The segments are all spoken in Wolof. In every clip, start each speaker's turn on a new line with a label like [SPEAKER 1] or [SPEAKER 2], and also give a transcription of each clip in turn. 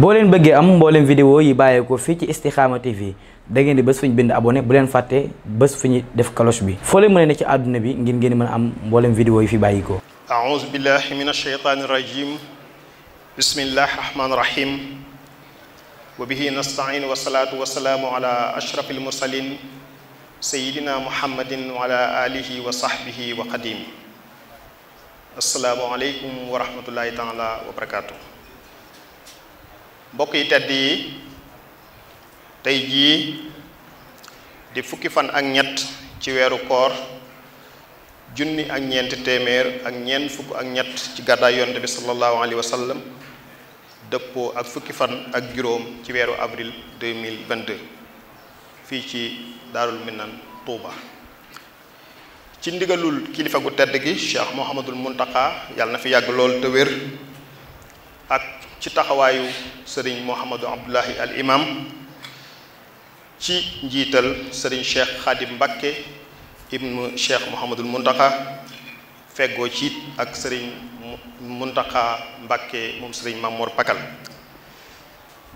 [SPEAKER 1] boo leen bëggee am mbooleem vidéo yi bàyyeekoo fii ci Istikhama TV da ngeen di bés fu ñu bind abonné bu leen fàtte bés fu ñu def cloche bi foo leen mën a ne ci àdduna bi ngir ngeen mën a am mbooleem vidéo yi fi bàyyikoo aouzu billahi min asheytaani rajim bismillahi rahmaani rahim wa bihi nastain wa salaatu wa salaamu ala ashraf almursalin sayidina muhammadin wa ala alihi wa sahbihi wa qadim asalaamu aleykum wa rahmatullahi taala wa barakatuh mbokk yi tedd yi tey jii di fukki fan ak ñett ci weeru koor junni ak ñeenti téeméer ak ñeent fukk ak ñett ci gàddaay yonte bi sallallahu alayhi wa dëppoo ak fukki fan ak juróom ci weeru avril 2022 fii ci daarul minan tuuba ci ndigalul kilifa gu tedd gi cheikh mouhamadul muntaka yàlla na fi yàgg lool te wér ak ci taxawaayu sëriñ Mouhamadou Abdoulahi al imam ci njiital sëriñ Cheikh Khadim Mbakke ibnu Cheikh Mouhamadul Muntaka feggoo ci ak sëriñ Muntaka Mbakke moom sëriñ Mamour Pakal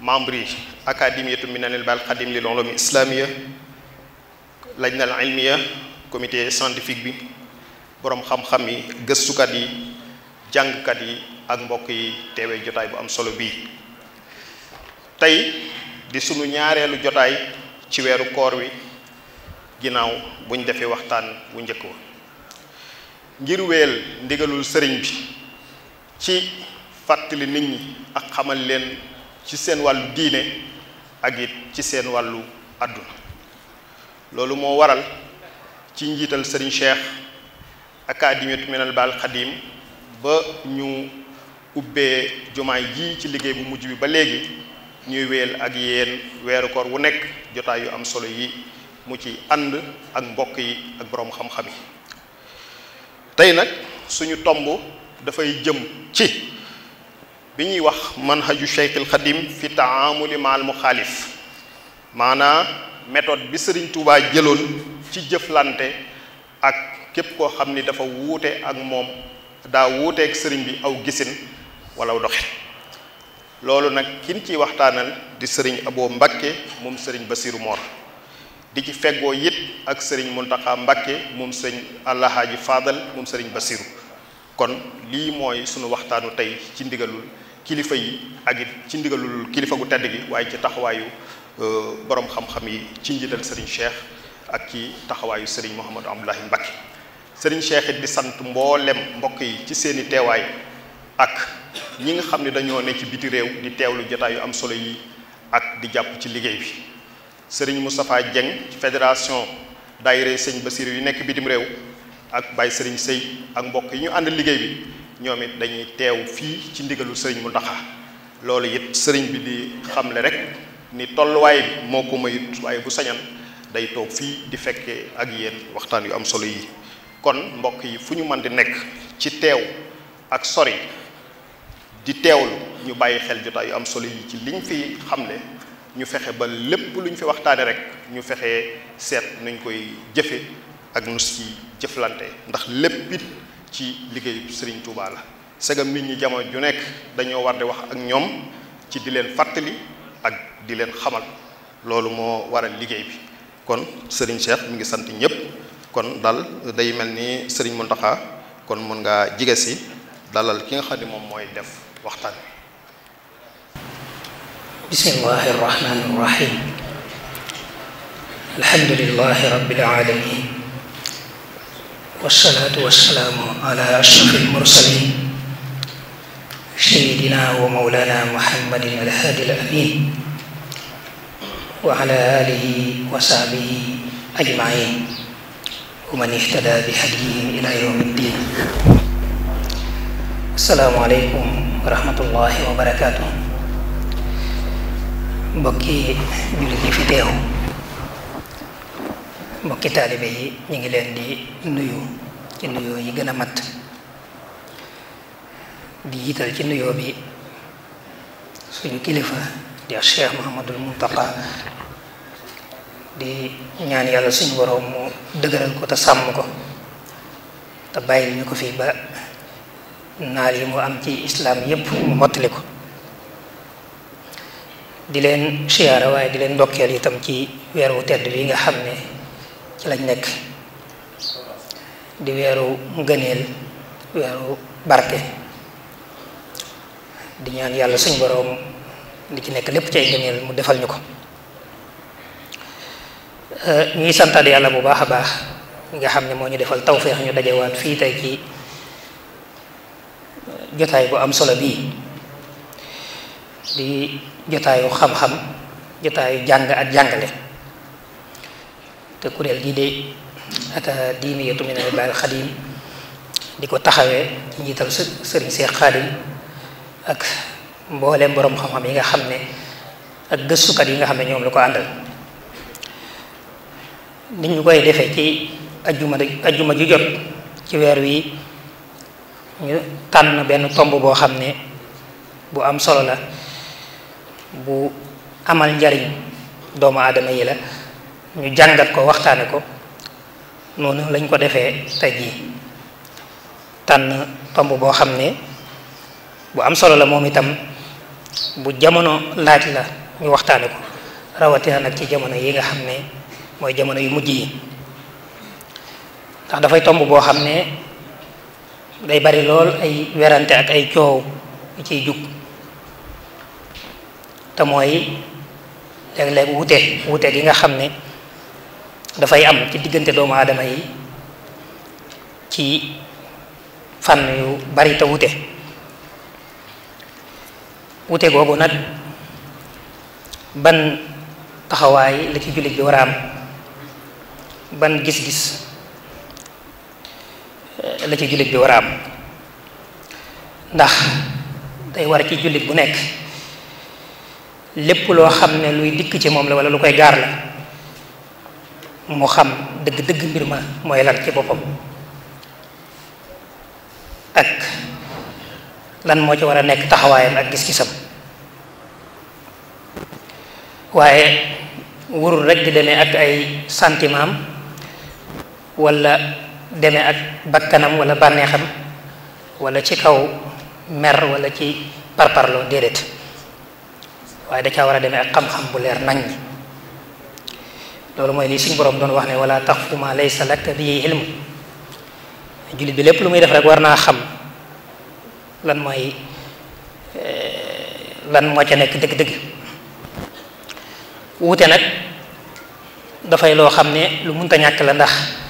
[SPEAKER 1] membre yi académiyatu minanil bal xadim lil ulumi islamiya lajnal ilmiya comité scientifique bi boroom xam-xam yi gëstukat yi jàngkat yi ak mbokk yi teewee jotaay bu am solo bii tey di sunu ñaareelu jotaay ci weeru koor wi ginnaaw buñ defee waxtaan bu njëkk wa ngir wéel ndigalul sëriñ bi ci fàttali nit ñi ak xamal leen ci seen wàllu diine ak it ci seen wàllu àdduna loolu moo waral ci njiital sëriñ Cheikh académie minal baal xadim ba ñu ubbee jumaay jii ci liggéey bu mujj bi ba léegi ñuy wéyal ak yéen weeru koor wu nekk jotaay yu am solo yi mu ci ànd ak mbokk yi ak boroom xam-xam yi tey nag suñu tomb dafay jëm ci bi ñuy wax manhaju Cheikhul Khadim fi taamuli maal muxaalif maanaa méthode bi Sëriñ Tuubaa jëloon ci jëflante ak képp koo xam ni dafa wuute ak moom daa wuuteeg sëriñ bi aw gisin wala doxin loolu nag kin ci waxtaanal di sëriñ Abo Mbakke moom sëriñ Basiru Moor di ci feggoo it ak sëriñ Muntaxa Mbakke moom sëriñ Alhaaji Fadal moom sëriñ Basiru kon lii mooy sunu waxtaanu tey ci ndigalul kilifa ak it ci ndigalul kilifa gu tedd gi waaye ci taxawaayu euh, borom xam-xam yi ci njiital sëriñ Cheikh ak ci taxawaayu sëriñ Mouhamadou Abdoulahi Mbakke sëriñ Cheikh di sant mboolem mbokk yi ci seeni teewaay ak ñi nga xam ne dañoo nekk biti réew di teewlu jotaay yu am solo yi ak di jàpp ci liggéey bi sëriñ mu Moustapha Dieng ci fédération daayira sëñ Basiru yu nekk bitim réew ak Baye sëriñ Sëy ak mbokk yi ñu ànd liggéey bi ñoom it dañuy teew fii ci ndigalu sëriñ Mountakha loolu it sëriñ bi di xamle rek ni tolluwaay bi moo ko mayut waaye bu sañan day toog fii di fekkee ak yéen waxtaan yu am solo yi kon mbokk yi fu ñu mën di nekk ci teew ak sori di teewul ñu bàyyi xel jotaay yu am solo yi ci liñ fi xamle ñu fexe ba lépp luñ fi waxtaane rek ñu fexe seet nuñ koy jëfe ak nu ci jëflante ndax lépp it ci liggéeyu Serigne Touba la segam nit ñi jamono ju nekk dañoo war di wax ak ñoom ci di leen fàttali ak di leen xamal loolu moo waral liggéey bi kon Serigne Cheikh mi ngi sant ñëpp kon dal day mel ni Serigne Mountakha kon mun ngaa jige si dalal ki nga xam ne moom mooy def waxtaan
[SPEAKER 2] bismillahi irrahmani irrahim alhamdulilahi rabbil alamin wasalaatu wasalaamu ala ashraf almursalin sayidina wa maulana muhammadin alhaadi alamin wa ala alihi wa sahbihi ajmain wa man ihtada bi hadiyihim ila yawmi ddin assalaamu aleykum wa rahmatullahi wa barakaatu mbokki jullit ñi fi teew mbokki yi ñu ngi leen di nuyu ci nuyoo yi gën a mat di jiital ci nuyoo bi suñu kilifa di Cheikh Muhammadul Muntaqa di ñaan yàlla suñu boroom mu dëgëral ko te sàmm ko te bàyyil ñu ko fii ba naal yi mu am ci islaam yépp mu mottali ko di leen siyaara waaye di leen ndokkeel itam ci weeru tedd bi nga xam ne ci lañ nekk di weeru ngëneel weeru barke di ñaan yàlla suñ boroom li ci nekk lépp ci ay ngëneel mu defal ñu ko ñuy santaat yàlla bu baax a baax nga xam ne moo ñu defal tawféex ñu dajewaat fii tey ci jotaay bu am solo bii di jotaayu xam-xam jotaayu jàng ak jàngale te kuréel gi de ata diiniyatu min al xadim di ko taxawee njiital sëriñ Seex Xaadim ak mbooleem boroom xam-xam yi nga xam ne ak gëstukat yi nga xam ne ñoom la ko àndal ni ñu koy defee ci ajjuma ajjuma ju jot ci weer wi ñu tànn benn tomb boo xam ne bu am solo la bu amal njariñ doomu aadama yi la ñu jàngat ko waxtaane ko noonu lañ ko defee tey jii tànn tomb boo xam ne bu am solo la moom itam bu jamono laaj la ñu waxtaane ko rawatina nag ci jamono yi nga xam ne mooy jamono yu mujj yi ndax dafay tomb boo xam ne day bari lool ay werante ak ay coow ciy jug te mooy léeg-léeg wute wute gi nga xam ne dafay am ci diggante doomu aadama yi ci fànn yu bari te wute wute googu nag ban taxawaay la ci jullit bi war a am ban gis-gis la ci jullit bi war a am ndax day war ci jullit bu nekk lépp loo xam ne luy dikk ci moom la wala lu koy gaar la mu xam dëgg-dëgg mbir ma mooy lan ci boppam ak lan moo ci war a nekk taxawaayam ak gis-gisam waaye warul rek di demee ak ay sentiment am wala deme ak bakkanam wala bànneexam walla ci kaw mer wala ci parparloo déedéet waaye da caa war a deme ak xam-xam bu leer nañ loolu mooy lii suñu borom doon wax ne wala taqfu ma laysa laka bihi ilm jullit bi lépp lu muy def rek war naa xam lan mooy eh, lan moo ca nekk dëgg-dëgg wuute nag dafay loo xam ne lu munta ñàkk la ndax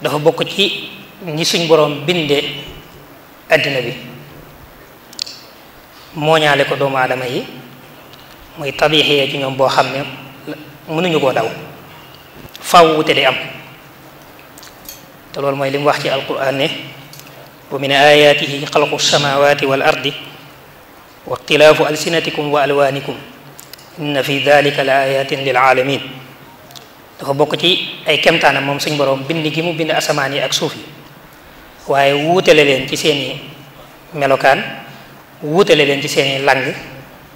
[SPEAKER 2] dafa bokk ci ñi suñ boroom bindee àddina bi mooñaale ko doomu aadama yi muy tabiixee ci ñoom boo xam ne mënuñu koo daw faaw wute di am te loolu mooy li mu wax ci alquran ne wa min ayaatihi xalqu samawati wal ardi wa ixtilaafu alsinatikum wa alwaanikum inna fi dalika la ayatin lil aalamin dafa bokk ci ay kemtaanam moom suñ boroom bind gi mu bind asamaan yi ak suuf yi waaye wuutale leen ci seeni melokaan wuutale leen ci seeni lang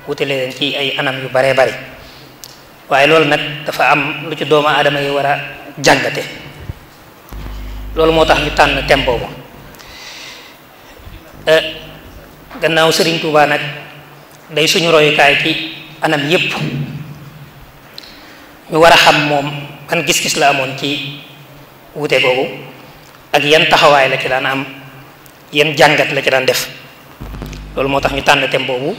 [SPEAKER 2] wuutale leen ci ay anam yu baree bari waaye loolu nag dafa am lu ci doomu adama yi war a jàngate loolu moo tax ñu tànn thème boobu eh, gannaaw Sëriñ Tuubaa nag day suñu royukaay ci anam yépp ñu war a xam moom ban gis-gis la amoon ci wute boobu ak yan taxawaay la ci daan am yan jàngat la ci daan def loolu moo tax ñu tànn thème boobu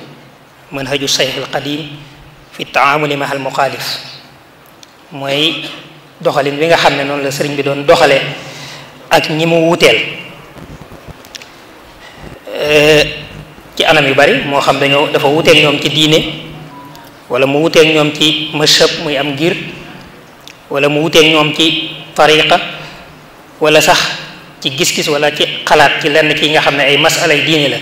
[SPEAKER 2] manhaju sayf al qadim fi taamuli ma al muxaalif mooy doxalin bi nga xam ne noonu la sëriñ bi doon doxale ak ñi mu wuteel ci anam yu bari moo xam dañoo dafa wuteeg ñoom ci diine wala mu wuteeg ñoom ci mashab muy am ngir wala mu wuteeg ñoom ci tariqa wala sax ci gis-gis walla ci xalaat ci lenn ci nga xam ne ay masalay diine la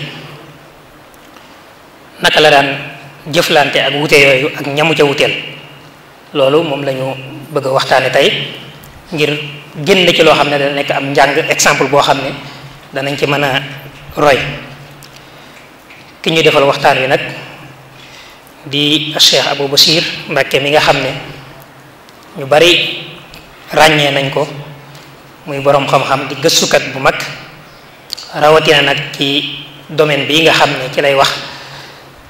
[SPEAKER 2] naka la daan jëflante ak wute yooyu ak ñamu ca wuteel loolu moom la bëgg a wi tey ngir génn ci loo xam ne dana nekk am njàng exemple boo xam ne danañ ci mën a roy ki ñu defal waxtaan wi nag di Cheikh Abou Bassir Mbacke mi nga xam ne ñu bari ràññee nañ ko muy boroom xam-xam di gëstukat bu mag rawatina nag ci domaine bii nga xam ne ci lay wax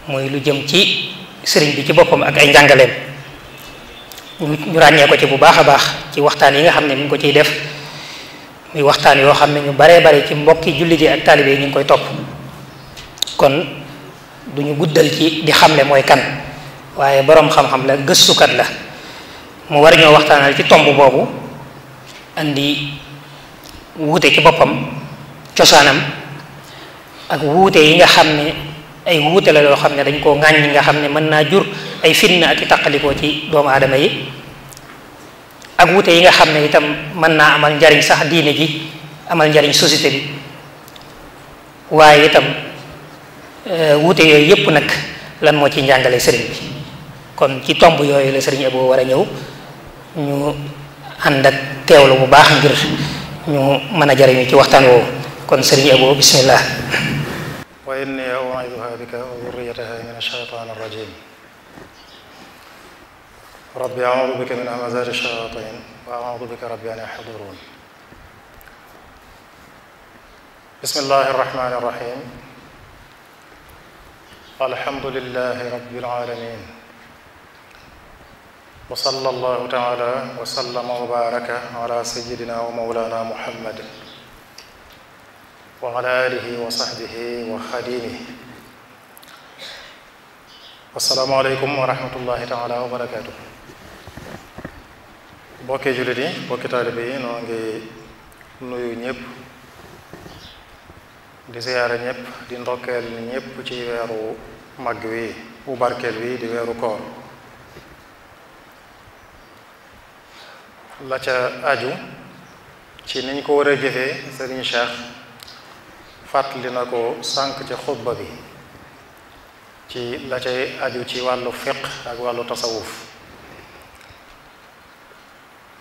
[SPEAKER 2] muy lu jëm ci sëriñ bi ci boppam ak ay njàngaleem ñu ràññee ko ci bu baax a baax ci waxtaan yi nga xam ne mi ko ciy def muy waxtaan yoo xam ne ñu baree bare ci mbokki jullit yi ak taalibe ñu ngi koy topp kon duñu guddal ci di xam xamle mooy kan waaye boroom xam-xam la gëstukat la mu war ñoo waxtaanal ci tomb boobu andi wuute ci boppam cosaanam ak wuute yi nga xam ni ay wuute la yoo xam ne dañ koo ŋàññi nga xam ne mën naa jur ay fitna ak i ci doomu aadama yi ak wuute yi nga xam ne itam mën naa amal njariñ sax diine ji amal njariñ société bi waaye itam euh, wuute yooyu yépp nag lan moo ci njàngale sëriñ bi kon ci tomb yooyu la sëriñ Abo war a ñëw ñu ànd ak teewlu bu baax ngir ñu mën a jariñu ci waxtaan woowu kon sëriñ Abo bismillah
[SPEAKER 3] wa inni u'iiduha bika wa dhurriyyataha min ash-shaytaan ar-rajiim rabbi a'uudu bika min hamazaati ash-shayaatiin wa a'uudu bika rabbi an yahduruun bismillahi arrahmaani arrahiim alhamdulillahi rabbil aalamiin
[SPEAKER 2] wa sallallahu
[SPEAKER 3] taala wa sallama wa baraka ala sayidina wa mawlana muhammad wa ala alihi wa sahbihi wa xadimihi assalaamu wa rahmatullahi taala wa barakatuh bokki jullit yi bokki taalibe yi nuyu ñëpp di ziyaara ñëpp di ndokkeel ñëpp ci weeru mag wi bu wi di weeru koor la ca aju ci niñ ko war a jëfee sëriñ Cheikh fàttali na ko sànq ci xutba bi ci la cay aju ci wàllu fiq ak wàllu tasawuf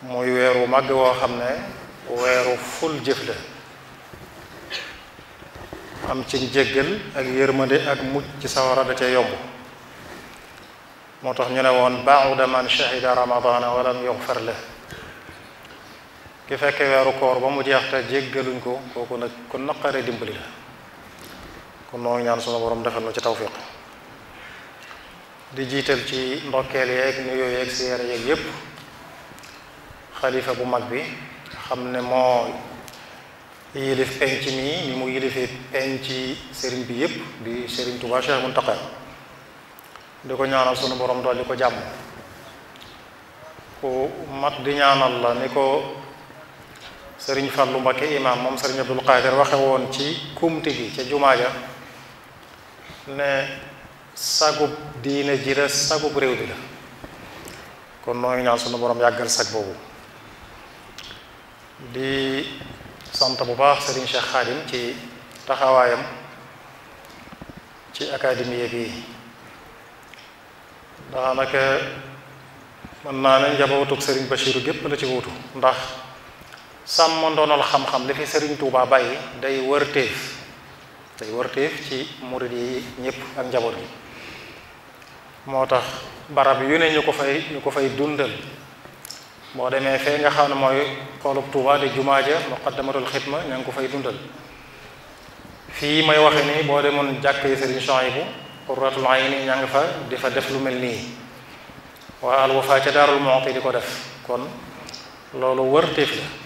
[SPEAKER 3] muy weeru màgg woo xam ne weeru ful jëf la am ci njéggal ak yërmande ak mucc ci sawara da ca yomb moo tax ñu ne woon baa ba'uda man shahida ramadana walam yughfar lahu ki fekke weeru koor ba mu jeex te jéggaluñ ko kooku nag ku naqaree dimbali la kon noo ñaan suñu borom defal na ci tawfiq di jiital ci ndokkeel yeeg nuyoo yeeg siyaare yeeg yépp xalifa bu mag bi xam ne moo yilif penc mi ni mu yilifi penc sëriñ bi yépp di sëriñ Tuubaa Cheikh Mountakha di ko ñaanal sunu boroom dool di ko jàmm ku mat di ñaanal la ni ko sëriñ Fallou Mbakke imaam moom sëriñ Abdul Qadir waxe woon ci kumti gi ca jumaa ja ne sagub diine ji la sagub réew bi la kon noo ngi ñaan sunu borom yàggal sag boobu di sant bu baax sëriñ Cheikh Khadim ci taxawaayam ci académie bi daanaka mën naa ne njabootug sëriñ Bachiru gépp la ci wutu ndax sàmm ndoonal xam-xam li fi Serigne Touba bàyyi day wërteef day wërteef ci murid yi ñëpp ak njaboot yi moo tax barab yu ne ñu ko fay ñu ko fay dundal boo demee fee nga xam ne mooy xoolub Touba di jumaa ja muqaddamatul xidma ña ngi ko fay dundal fii may waxe nii boo demoon jàkk yi Serigne Chouaïbou qurratul ayni ña ngi fa di fa def lu mel nii waa Al Wafa ca Daarul Muxti di ko def kon loolu wërteef la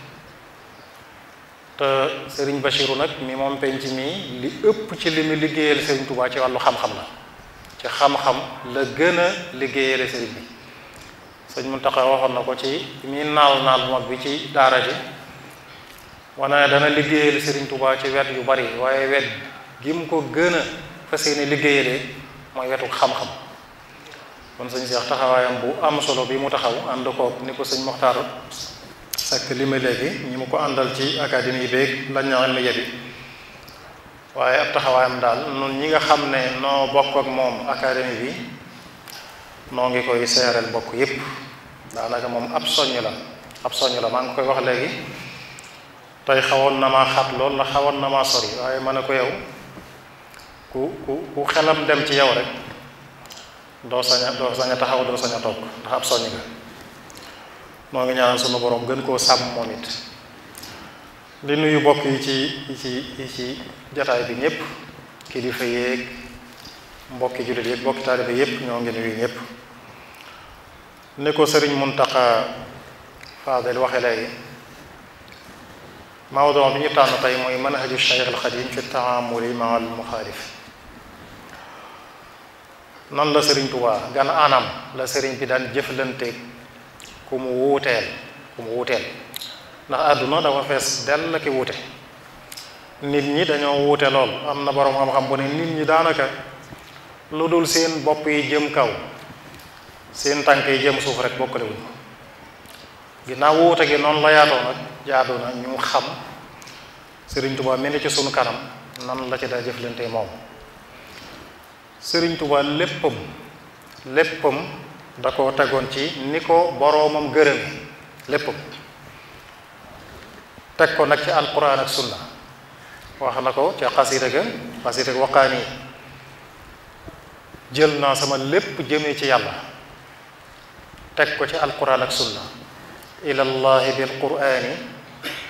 [SPEAKER 3] te Serigne Bachiru nag mi moom penc mi li ëpp ci li liggéeyal Serigne Touba ci wàllu xam-xam la ci xam-xam la gën a liggéeyale Serigne bi sëñ Muntaxa waxoon na ko ci mi naal naal mag bi ci daara ji wana dana liggéeyal sëriñ tubaa ci wet yu bari waaye wet gi mu ko gën a fas yéene liggéeyale mooy wetu xam-xam kon sëñ Seex taxawaayam bu am solo bi mu taxaw ànd ko ni ko sëñ Moxtaar sàkk li ma léegi ñi mu ko àndal ci académie yi beeg lañ na ilmiya bi waaye ab taxawaayam daal nun ñi nga xam ne noo bokk ak moom académie bi noo ngi koy seereel bokk yépp daanaka moom ab soññ la ab soññ la maa ngi koy wax léegi tey xawoon na maa xat lool la xawoon na maa sori waaye mën ne ko yow ku ku ku xelam dem ci yow rek doo sañ sañ taxaw doo sañ a toog ndax ab soññ nga moo ngi ñaanal sunu boroom gën koo sàmm moom it di nuyu bokk yi ci yi ci yi ci jataay bi ñëpp kilifa yeeg mbokki jullit yëpp mbokki taalibe yëpp ñoo ngi nuyu ñëpp ni ko sëriñ Muntaxa Faadil waxe léegi mawduu bi ñu tànn tey mooy manhaju Cheikh al Xadim fi taamuli ma al muxaalif nan la sëriñ Tuubaa gan anam la sëriñ bi daan jëflanteeg ku mu wuuteel ku mu wuuteel ndax àdduna dafa fees dell ki wuute nit ñi dañoo wuute lool am na boroom xam-xam bu ne nit ñi daanaka lu dul seen bopp yi jëm kaw seen tànk yi jëm suuf rek bokkale wuñ ginnaaw wuute gi noonu la yaatoo nag jaadu ñu xam Sëriñ Tuubaa mel ni ci sunu kanam nan la ci daa jëflante moom Sëriñ Tuubaa léppam léppam da koo tegoon ci ni ko boroomam gërëm lépp teg ko nag ci alquran ak sunna wax na ko ca xasida ga xasida ga waqaani jël naa sama lépp jëmee ci yàlla teg ko ci alquran ak sunna ila llahi bilqurani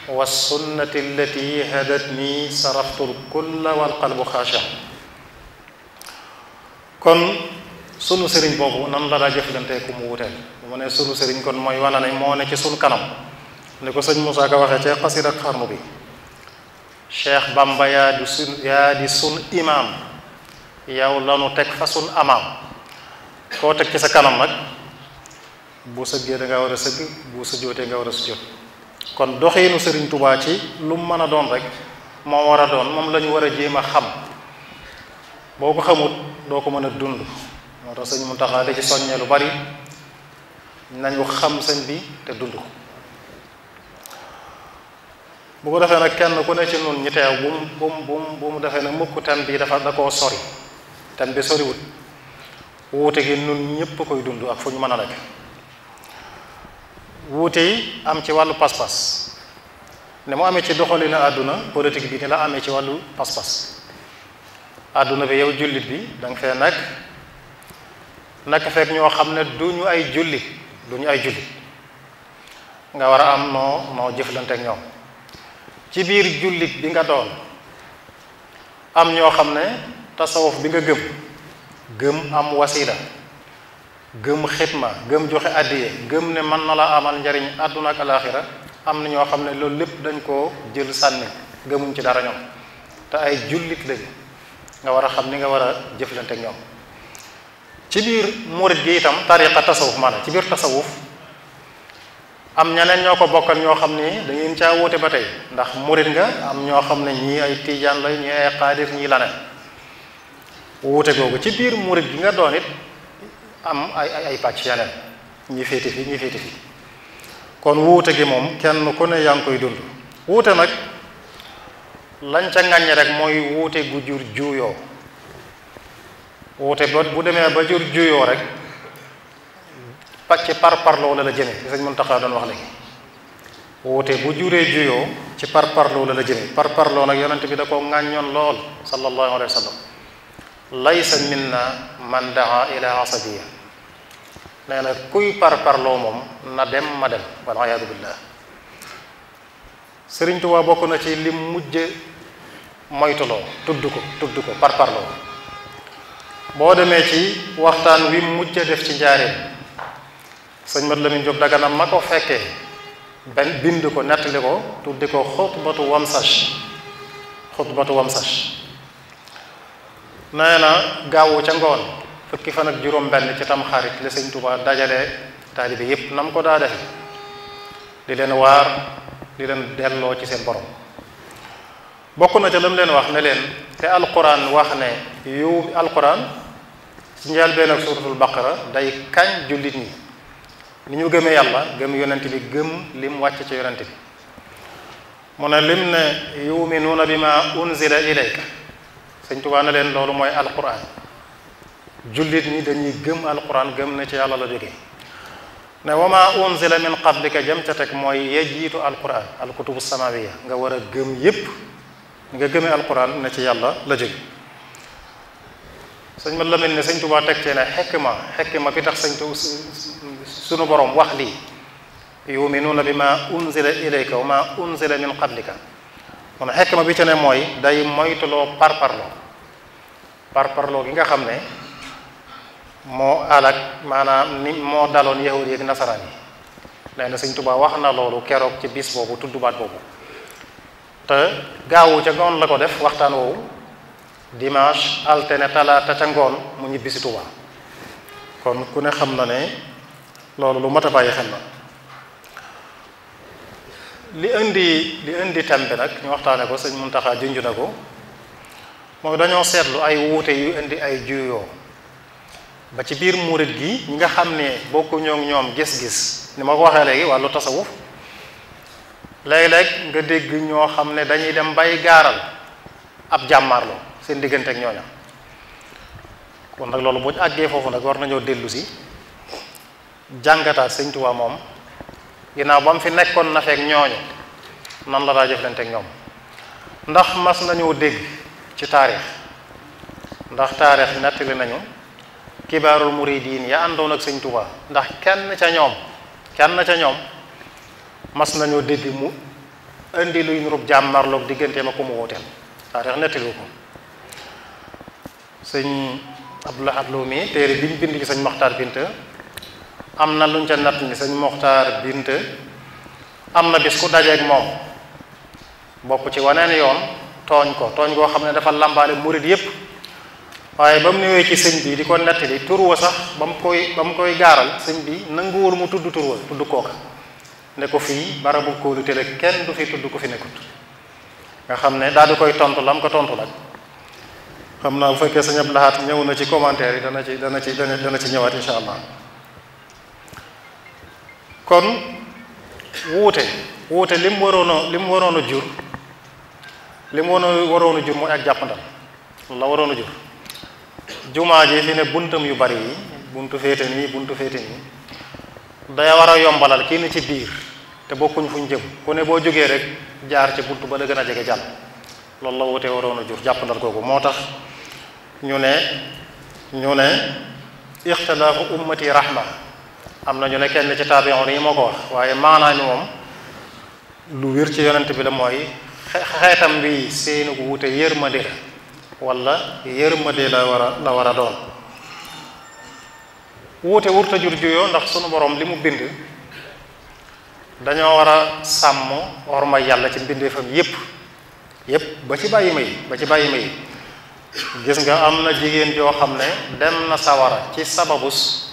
[SPEAKER 3] wa sunnati allati hadat ni saraftu lkulla walqalbu xaacha kon sunu sëriñ boobu nan la daa jëflantee ku mu wutee bu ma ne sunu sëriñ kon mooy wane ne moo ne ci sunu kanam ni ko sëñ Moussa Ka waxee ci xasida xarnu bi Cheikh Bamba yaa di sun yaa di sun imaam yow lanu teg fa sun amaam koo teg ci sa kanam nag bu sëggee da nga war a sëgg bu sujjootee nga war a sujjoot kon doxiinu sëriñ Touba ci lu mu mën a doon rek moo war a doon moom lañu war a jéem a xam boo ko xamut doo ko mën a dund moo tax sëñ Muntaxa da ci soññee lu bari nañu xam sëñ bi te dund ko bu ko defee nag kenn ku ne ci noonu ñi teew bu mu bu mu defee nag mukk ten bi dafa da koo sori tem bi soriwut wuute gi nun ñëpp koy dund ak fu ñu mën a nekk wuute yi am ci wàllu pas-pas ne mu amee ci doxalina àdduna politique bi ni la amee ci wàllu pas-pas àdduna bi yow jullit bi da fee nekk naka fekk ñoo xam ne duñu ay julli duñu ay julli nga war a am noo noo jëflante ak ñoom ci biir jullit bi nga doon am ñoo xam ne tasawuf bi nga gëm gëm am wasiila gëm xitma gëm joxe àddiye gëm ne mën na la amal njariñ àdduna ak alaaxira am na ñoo xam ne loolu lépp dañ koo jël sànni gëmuñ ci dara ñoom te ay jullit lañu nga war a xam ni nga war a jëflanteek ñoom ci biir murit gi itam tariqa tasawuf maanaam ci biir tasawuf am ñeneen ñoo ko bokkal ñoo xam ni dangeen caa wóote ba tey ndax murit nga am ñoo xam ne ñii ay tiijaan lay ñii ay xaadir ñii la ne googu ci biir murit gi nga doon am ay ay pàcc yeneen ñi féete fi ñi féete fi kon wuute gi moom kenn ku ne yaa ngi koy dund wuute nag lañ ca ŋàññi rek mooy wuute gu jur juuyoo wuute ba bu demee ba jur juyoo rek pàcc par par parloo la la jëme li sëñ Muntaxa doon wax léegi wuute bu juree juyoo ci par parloo la la jëme par parloo nag yonent bi da koo ŋàññoon lool sallallahu alayhi wa sa laysa minna man daa ila asabiya nee na kuy par parloo moom na dem ma dem wal ayaadu billah Sëriñ Tuubaa bokk na ci lim mujje moytuloo tudd ko tudd ko par parloo boo demee ci waxtaan wi mujj a def ci njaareem sëñ Mat Lamin Jóob Dagana ma ko fekkee benn bind ko nettali ko tuddi ko xutbatu wamsash xutbatu wamsash nee na gaawu ca ngoon fukki fan ak juróom-benn ci tam xarit la sëñ Tuubaa dajale taalibe yépp na ko daa defe di leen waar di leen delloo ci seen borom bokk na ca la leen wax ne leen te alquran wax ne yu alquran ci njëlbéen ak suratul baqara day kañ jullit ñi ni ñu gëmee yàlla gëm yonent bi gëm lim wàcc ci yonent bi mu ne lim ne yuminuuna bi ma unzila ilayka sëñ Tuubaa ne leen loolu mooy alquran jullit ñi dañuy gëm alquran gëm ne ci yàlla la jógee ne wa ma unzila min qablika jëm ca teg mooy yejiitu alquran alkutubu samawiya nga war a gëm yépp ni nga gëmee alquran ne ci yàlla la jóge sëñ ma lamin ne sëñ Tuubaa teg cee ne xekma ma bi tax sëñ tu sunu borom wax lii yuminuuna bi ma unzila ilayka wa ma unzila min qablika kon xekma bi ci ne mooy day moytuloo parparloo parparloo gi nga xam ne moo alak maanaam ni moo daloon yahudi ak nasaraan yi nee na sëñ Tuubaa wax na loolu keroog ci bis boobu tudd baat boobu te gaawu ca ngoon la ko def waxtaan woowu dimanche altine talaata ca ngoon mu ñibbi si Tuubaa kon ku ne xam na ne loolu lu mat a la li indi li indi thème bi nag ñu waxtaane ko sëñ Muntaxa junj na ko mooy dañoo seetlu ay wuute yu indi ay juyoo ba ci biir murit gi ñi nga xam ne bokku ñoo ñoom gis-gis ni ma ko waxee léegi wàllu tasawuf léeg-léeg nga dégg ñoo xam ne dañuy dem bay gaaral ab jàmmaarloo seen diggante ak ñooña kon nag loolu boo ñu àggee foofu nag war nañoo dellu si jàngataat sëñtuwaa moom ginnaaw ba fi nekkoon na feek ñooñu nan la daa jëflante ak ñoom ndax mas nañoo dégg ci taarix ndax taarix nettali nañu kibaarul muridiin ya àndoon ak sëñ ndax kenn ca ñoom kenn ca ñoom mas nañoo dégg mu indi luy nurub jàmmarloog digganteem ak mu wooteel taarix nettaliwu ko sëñ Abdoulahat Lo mi téere bi ñu bind ci sëñ Moxtaar Binta am na luñ ca natt ni sëñ Moxtaar am na bis ku dajeeg moom bokk ci waneen yoon tooñ ko tooñ koo xam ne dafa làmbaale murit yépp waaye ba mu ci sëñ bi di ko nettali tur wa sax ba mu koy ba mu koy gaaral sëñ bi nanguwul mu tudd tur wa tudd kooka ne ko fii barabu kóolute la kenn du fi tudd ko fi nekkut nga xam ne daal di koy tontu lam ko tontu nag xam naa bu fekkee sa Abdou Lahad ñëw na ci commentaire yi dana ci dana ci dana ci ñëwaat insha allah kon wuute wuute li mu waroon li mu waroon a jur li mu waroon a jur mooy ak jàppandal la waroon a jur jumaa ji fi ne buntam yu bari yi buntu féete nii buntu féete nii day war a yombalal kii ni ci biir te bokkuñ fuñ jëm ku ne boo jógee rek jaar ci bunt ba la gën a jege jàll loolu la wute waroon a jur jàppandal kooku moo tax ñu ne ñu ne ixtilaafu ummati rahma am na ñu ne kenn ci taabiyoon yi ma ko wax waaye maanaam moom lu wér ci yonent bi la mooy xeetam bi seeni ko wute yërmande la wala yërmande la war a la war a doon wuute wurta jur juyoo ndax sunu boroom li mu bind dañoo war a sàmm orma yàlla ci mbindeefam yépp yépp ba ci bàyyi ma ba ci bàyyi ma gis nga am na jigéen joo xam ne dem na sawara ci sababus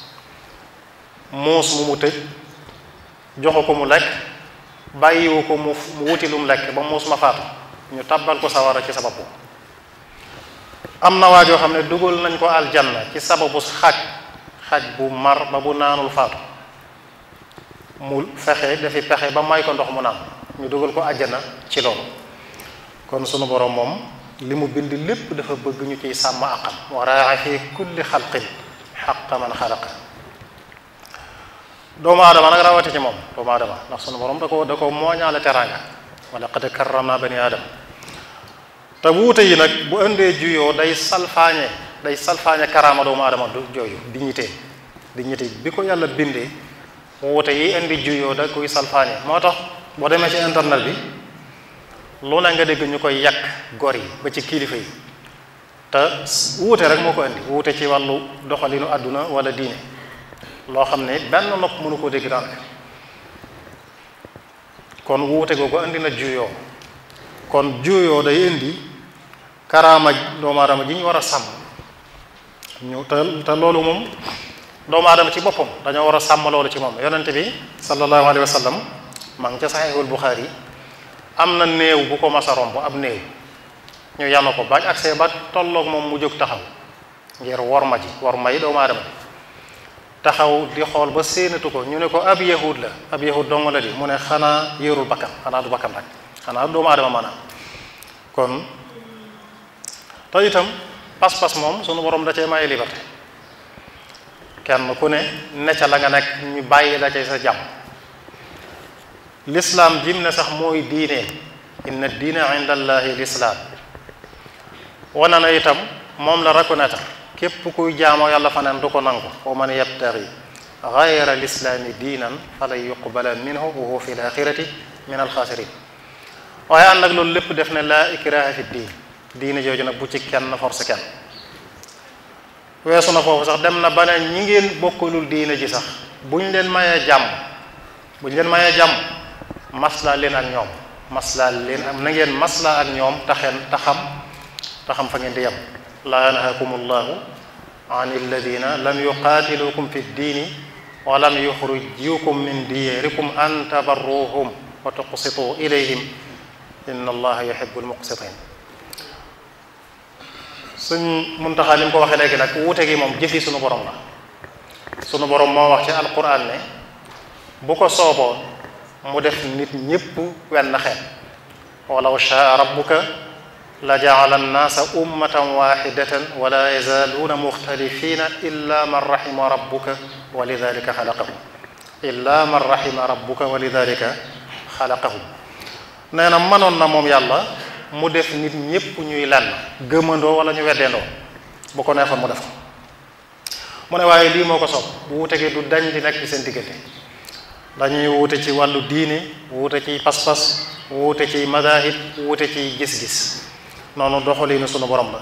[SPEAKER 3] muus mu mu tëj joxu ko mu lekk bàyyiwu ko mu wuti lu mu lekk ba muus ma faatu ñu tàbbal ko sawara ci sababu am na waa joo xam ne dugal nañ ko aljanna ci sababus xaaj xaj bu mar ba bu naanul faatu mu fexe dafi pexe ba may ko ndox mu naan ñu dugal ko àjjana ci loolu kon sunu borom moom li mu bind lépp dafa bëgg ñu ciy sàmm àqam wa raaxa fi kulli xalqin xaqa man xalaqa doomu aadama nag rawati ci moom doomu aadama ndax sunu borom da ko da teraanga wala qad karram naa bani aadama te wuute yi nag bu indee juyoo day salfaañee day salfaañe karaama doomu aadama du jooju dignité dignité bi ko yàlla bindee woote yi indi juyoo da koy salfaañe moo tax boo demee ci internet bi loola nga dégg ñu koy yàq gor yi ba ci kilifa yi te wuute rek moo ko indi wuute ci wàllu doxalinu àdduna wala diine loo xam ne benn nopp mënu koo dégg daanaka kon wuute googu indi na juyoo kon juyoo day indi karaama doomu aadama ji ñu war a sàmm ñu te te loolu moom doomu aadama ci boppam dañoo war a sàmm loolu ci moom yonente bi sallallahu alayhi wa sallam maa ngi ca saxiixul Buxaari am na néew bu ko mas a romb ab néew ñu yanu ko baaj agsee ba tolloog moom mu jóg taxaw ngir worma ji worma yi doomu aadama taxaw di xool ba séenatu ko ñu ne ko ab yahud la ab yahud dong la di mu ne xanaa yërul bakkan xanaa du bakkan rek xanaa doomu aadama maanaam kon te itam pas-pas moom sunu borom da cee maye liberté kenn ku ne ne ca la nga nekk ñu la cay sa jàmm lislaam jim ne sax mooy diine inna diine inda allahi lislaam wana na itam moom la reconnaître képp kuy jaamoo yàlla faneen du ko nangu wa man yabtari gayra lislaami diinan falan yuqbala minhu wa huwa fi l min alxaasirin waaye ànd ak loolu lépp def ne laa ikraha fi diin diine jooju nag bu ci kenn force kenn weesu na foofu sax dem na ba ñi ngeen bokkalul diine ji sax buñ leen maye jàmm bu leen mayee jàmm maslaa leen ak ñoom maslaa leen na ngeen maslaa ak ñoom taxeen taxam taxam fa ngeen di yem laa yanhaakum allahu an alladina lam yuqaatilukum fi ddiini wa lam yuxrijukum min diyarikum an tabarruhum wa tuqsitu ilayhim inna allaha yuhibbu almuqsitin suñ muntaxaa ni ko waxee léegi nag wuute gi moom jëfi sunu borom la sunu borom moo wax ci alquran ne bu ko sooboon mu def nit ñépp wenn xeet walaw shaa rabbuka la jaala annaasa ummatan waxidatan wala yazaaluuna muxtalifina illa man raxima rabbuka wa lidalika xalaqahum illa man raxima rabbuka wa lidalika nee na mënoon na moom yàlla mu def nit ñépp ñuy lenn gëmandoo wala ñu weddeendoo bu ko neexoon mu def ko mu ne waaye lii moo ko soog wuute gi du dañ di nekk ci seen diggante dañuy wuute ci wàllu diine wuute ci pas-pas wuute ci madahib wuute ci gis-gis noonu doxaliinu sunu borom la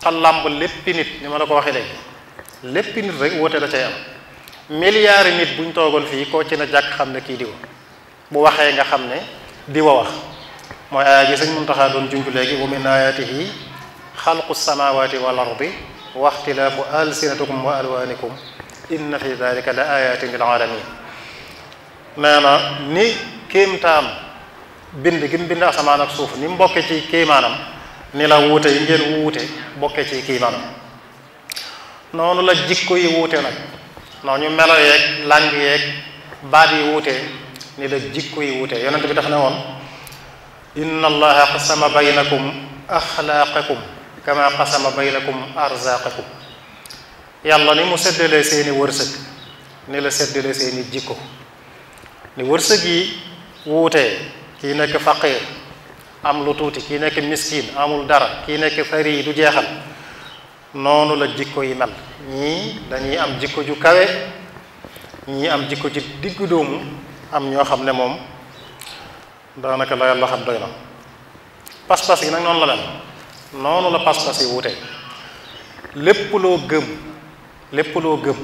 [SPEAKER 3] ta làmb léppi nit ni ma la ko waxee léegi léppi nit rek wuute la cay am milliards nit buñ toogoon fii koo ci na jàkk xam ne kii diw bu waxee nga xam ne diwa wax mooy aaya ji sëñ Muntaxa doon junj léegi wa min ayatihi xalqu samawati wal ardi wa ixtilaafu alsinatikum wa alwaanikum inna fi dalika la ayatin lil alamin nee ni kéemtaan bind gi mu bind asamaan ak suuf ni mbokke ci kéemaanam ni la wuute yi ngeen wuute bokke ci kéemaanam noonu la jikko yi wuute nag noonu melo yeeg làng yeeg baat yi wuute ni la jikko yi wuute yonent bi daf ne woon inna allaha qasama baynakum axlaaqakum kama qasama baynakum arzaqakum yàlla ni mu seddalee seeni wërsëg ni la seddalee seeni jikko ni wërsëg yi wuutee kii nekk faqiir am lu tuuti kii nekk miskin amul dara kii nekk fari yi du jeexal noonu la jikko yi mel ñii dañuy am jikko ju kawe ñii am jikko ju diggu doomu am ñoo xam ne moom daanaka la yàlla xam doy na pas-pas yi nag noonu la mel noonu la pas yi wute lépp loo gëm lépp loo gëm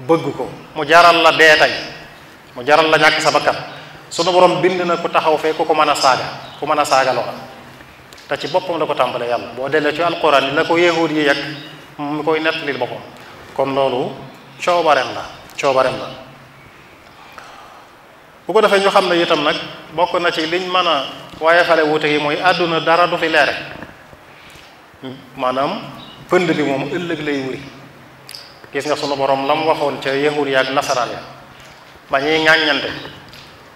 [SPEAKER 3] bëgg ko mu jaral la dee tey mu jaral la ñàkk sa bakkan sunu borom bind na ku taxaw fee ku ko mën a saaga ku mën a saaga loola te ci boppam la ko tàmbalee yàlla boo dellee ci alquran ni la ko yéexuut yi yegg mu koy nettalil boppam kon loolu coobareem la coobareem la bu ko defee ñu xam ne itam nag bokk na ci liñ man a waaye xale wute yi mooy àdduna dara du fi leere maanaam pënd bi moom ëllëg lay wuri gis nga sunu boroom lam waxoon ca yahud yaak nasaraan ya ba ñuy ŋàññante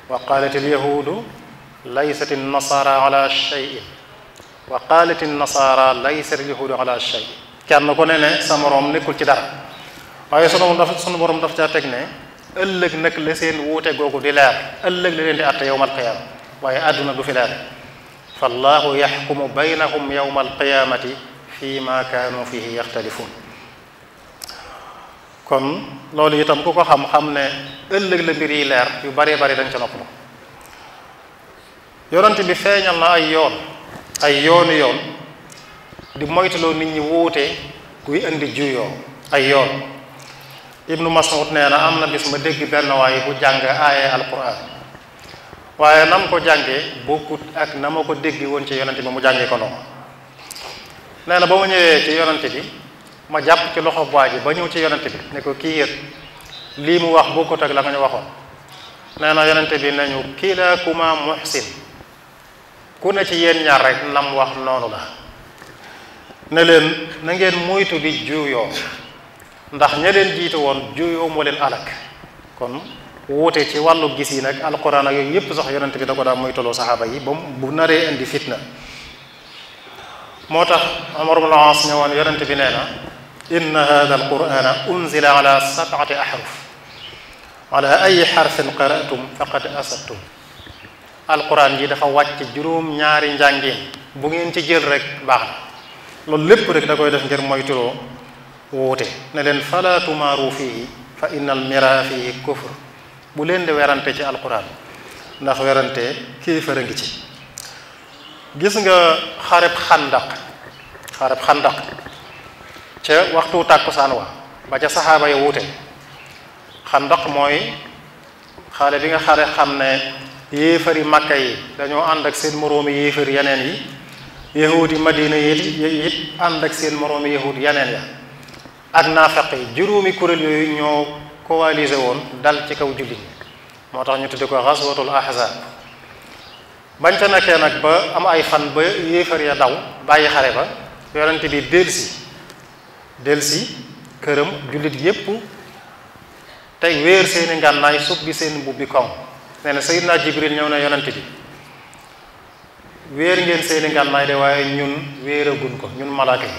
[SPEAKER 3] wa qaalat il yahudu laysat in nasara ala cheyin wa qaalat in nasara laysat il yahudu ala cheyin kenn ku ne ne sa moroom nekkul ci dara waaye sunu borom dafa sunu teg ne ëllëg nag la wuute googu di leer ëllëg la leen di àtte yowmal qiyaama waaye àdduna du fi leer fallahu yaxkumu baynahum yowmal qiyaamati fi ma kaanu fihi yaxtalifuun kon loolu itam ku ko xam xam ne ëllëg la mbir yi leer yu bare bare dañ ca noppalu yonent bi feeñal na ay yoon ay yoonu yoon di moytuloo nit ñi wuute guy indi juyoo ay yoon ibnu mas'ud nee na am na bis ma dégg benn waay bu jàng aaye alquran waaye nam ko jàngee bokkut ak na ma ko dégg woon ci yonante bi mu jàngee ko noonu nee na ba ma ñëwee ci yonante bi ma jàpp ci loxo waa ji ba ñëw ci yonante bi ne kii yët lii mu wax bokkut ak la nga ñu waxoon na yonante bi nañu kilaakuma muhsin ku ne ci yéen ñaar rek nam wax noonu la ne leen na ngeen moytu di juuyoo ndax ña leen jiitu woon juyoo moo leen alak kon wuute ci wàllu gis yi nag alquran ak yooyu yëpp sax yonent bi da ko daa mooy toloo saxaaba ba mu bu naree indi fitna moo tax Amar ibn al-As ne na inna hada alqurana unzila ala sabati ahruf ala ay xarfin qaratum faqad asabtum alquran ji dafa wàcc juróom ñaari njàngin bu ngeen ci jël rek baax na loolu rek da koy def ngir moytuloo wuute ne leen fala tumaaru fii fa innal mira fii bu leen de werante ci alquran ndax werante kéefër ci gis nga xareb xandaq xareb xandaq ca waxtu tàkkusaan wa ba ca saxaaba ya wuute xandaq mooy xale bi nga xare xam ne yéefari makka yi dañoo ànd ak seen moroomi yéefar yeneen yi yahuudi madina yi it ànd ak seen moroomi yahud yeneen ya ak naafeq yi juróomi kuréel yooyu ñoo coalisé woon dal ci kaw jullit moo tax ñu tudde ko xaswatul ahzab bañ ca nekkee nag ba am ay fan ba yéefar ya daw bàyyi xare ba yonent bi delsi delsi këram jullit yépp tey wéer seeni ngànnaay subbi seen mbubbi koŋ nee na Seydina Jibril ñëw na yonent bi wéer ngeen seeni ngànnaay de waaye ñun wéeragun ko ñun malaaka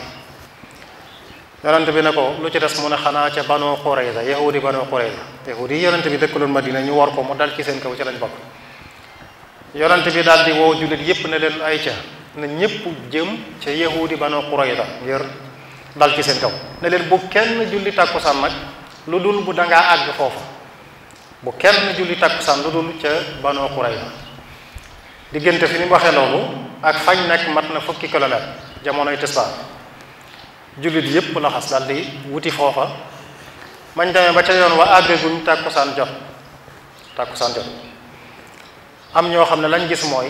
[SPEAKER 3] yonent bi ne ko lu ci des mu ne xanaa ca Banu Qurayza yahudi Banu Qurayza yahudi yi yonent bi ma Madina ñu war ko mu dal ci seen kaw ci lañ bokk yonent bi daal di woo jullit yépp ne leen ay ca na ñépp jëm ca yahudi Banu Qurayza ngir dal ci seen kaw ne leen bu kenn julli tàkkusaan nag lu dul bu dangaa àgg foofu bu kenn julli tàkkusaan lu dul ca Banu Qurayza diggante fi ni mu waxee loolu ak fañ nekk mat na fukki kilomètre jamonoy tisbaar jullit yëpp laxas daal di wuti foofa mañ demee ba ca yoon wa àgg guñ tàkkusaan jot tàkkusaan jot am ñoo xam ne lañ gis mooy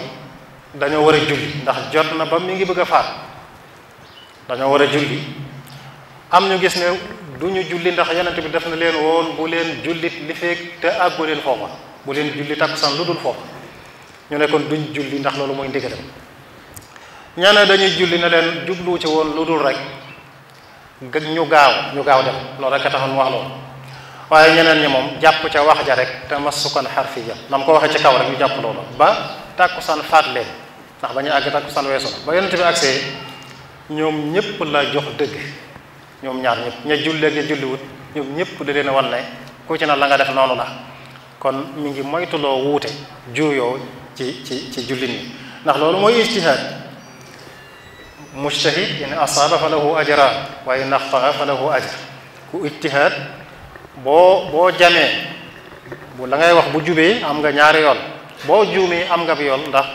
[SPEAKER 3] dañoo war a julli ndax jot na ba mi ngi bëgg a faat dañoo war a julli am ñu gis ne du ñu julli ndax yonent bi def na leen woon bu leen jullit li feeg te àggu leen foofa bu leen julli tàkkusaan lu dul foofa ñu nekkoon kon duñ julli ndax loolu mooy ndigalam ña ne dañuy julli na leen jublu ci woon lu dul rek gëg ñu gaaw ñu gaaw def loolu rek a taxoon wax loolu waaye ñeneen ñi moom jàpp ca wax ja rek te masukan xarfiya nam ko waxee ci kaw rek ñu jàpp loolu ba tàkkusaan faat leen ndax ba ñu àgg tàkkusaan weesu na ba yonent bi agsee ñoom ñëpp la jox dëgg ñoom ñaar ñëpp ña julleeg ña julliwut ñoom ñëpp di leen wan ne ku ci na la nga def noonu la kon mu ngi moytuloo wuute juuyoo ci ci ci jullit ñi ndax loolu mooy ijtihaad mujtahid in asaaba fa lahu ajran wa waaye axtaa fa lahu ajr ku ijtihaad boo boo jamee bu la ngay wax bu jubee am nga ñaari yoon boo juumee am nga bi yoon ndax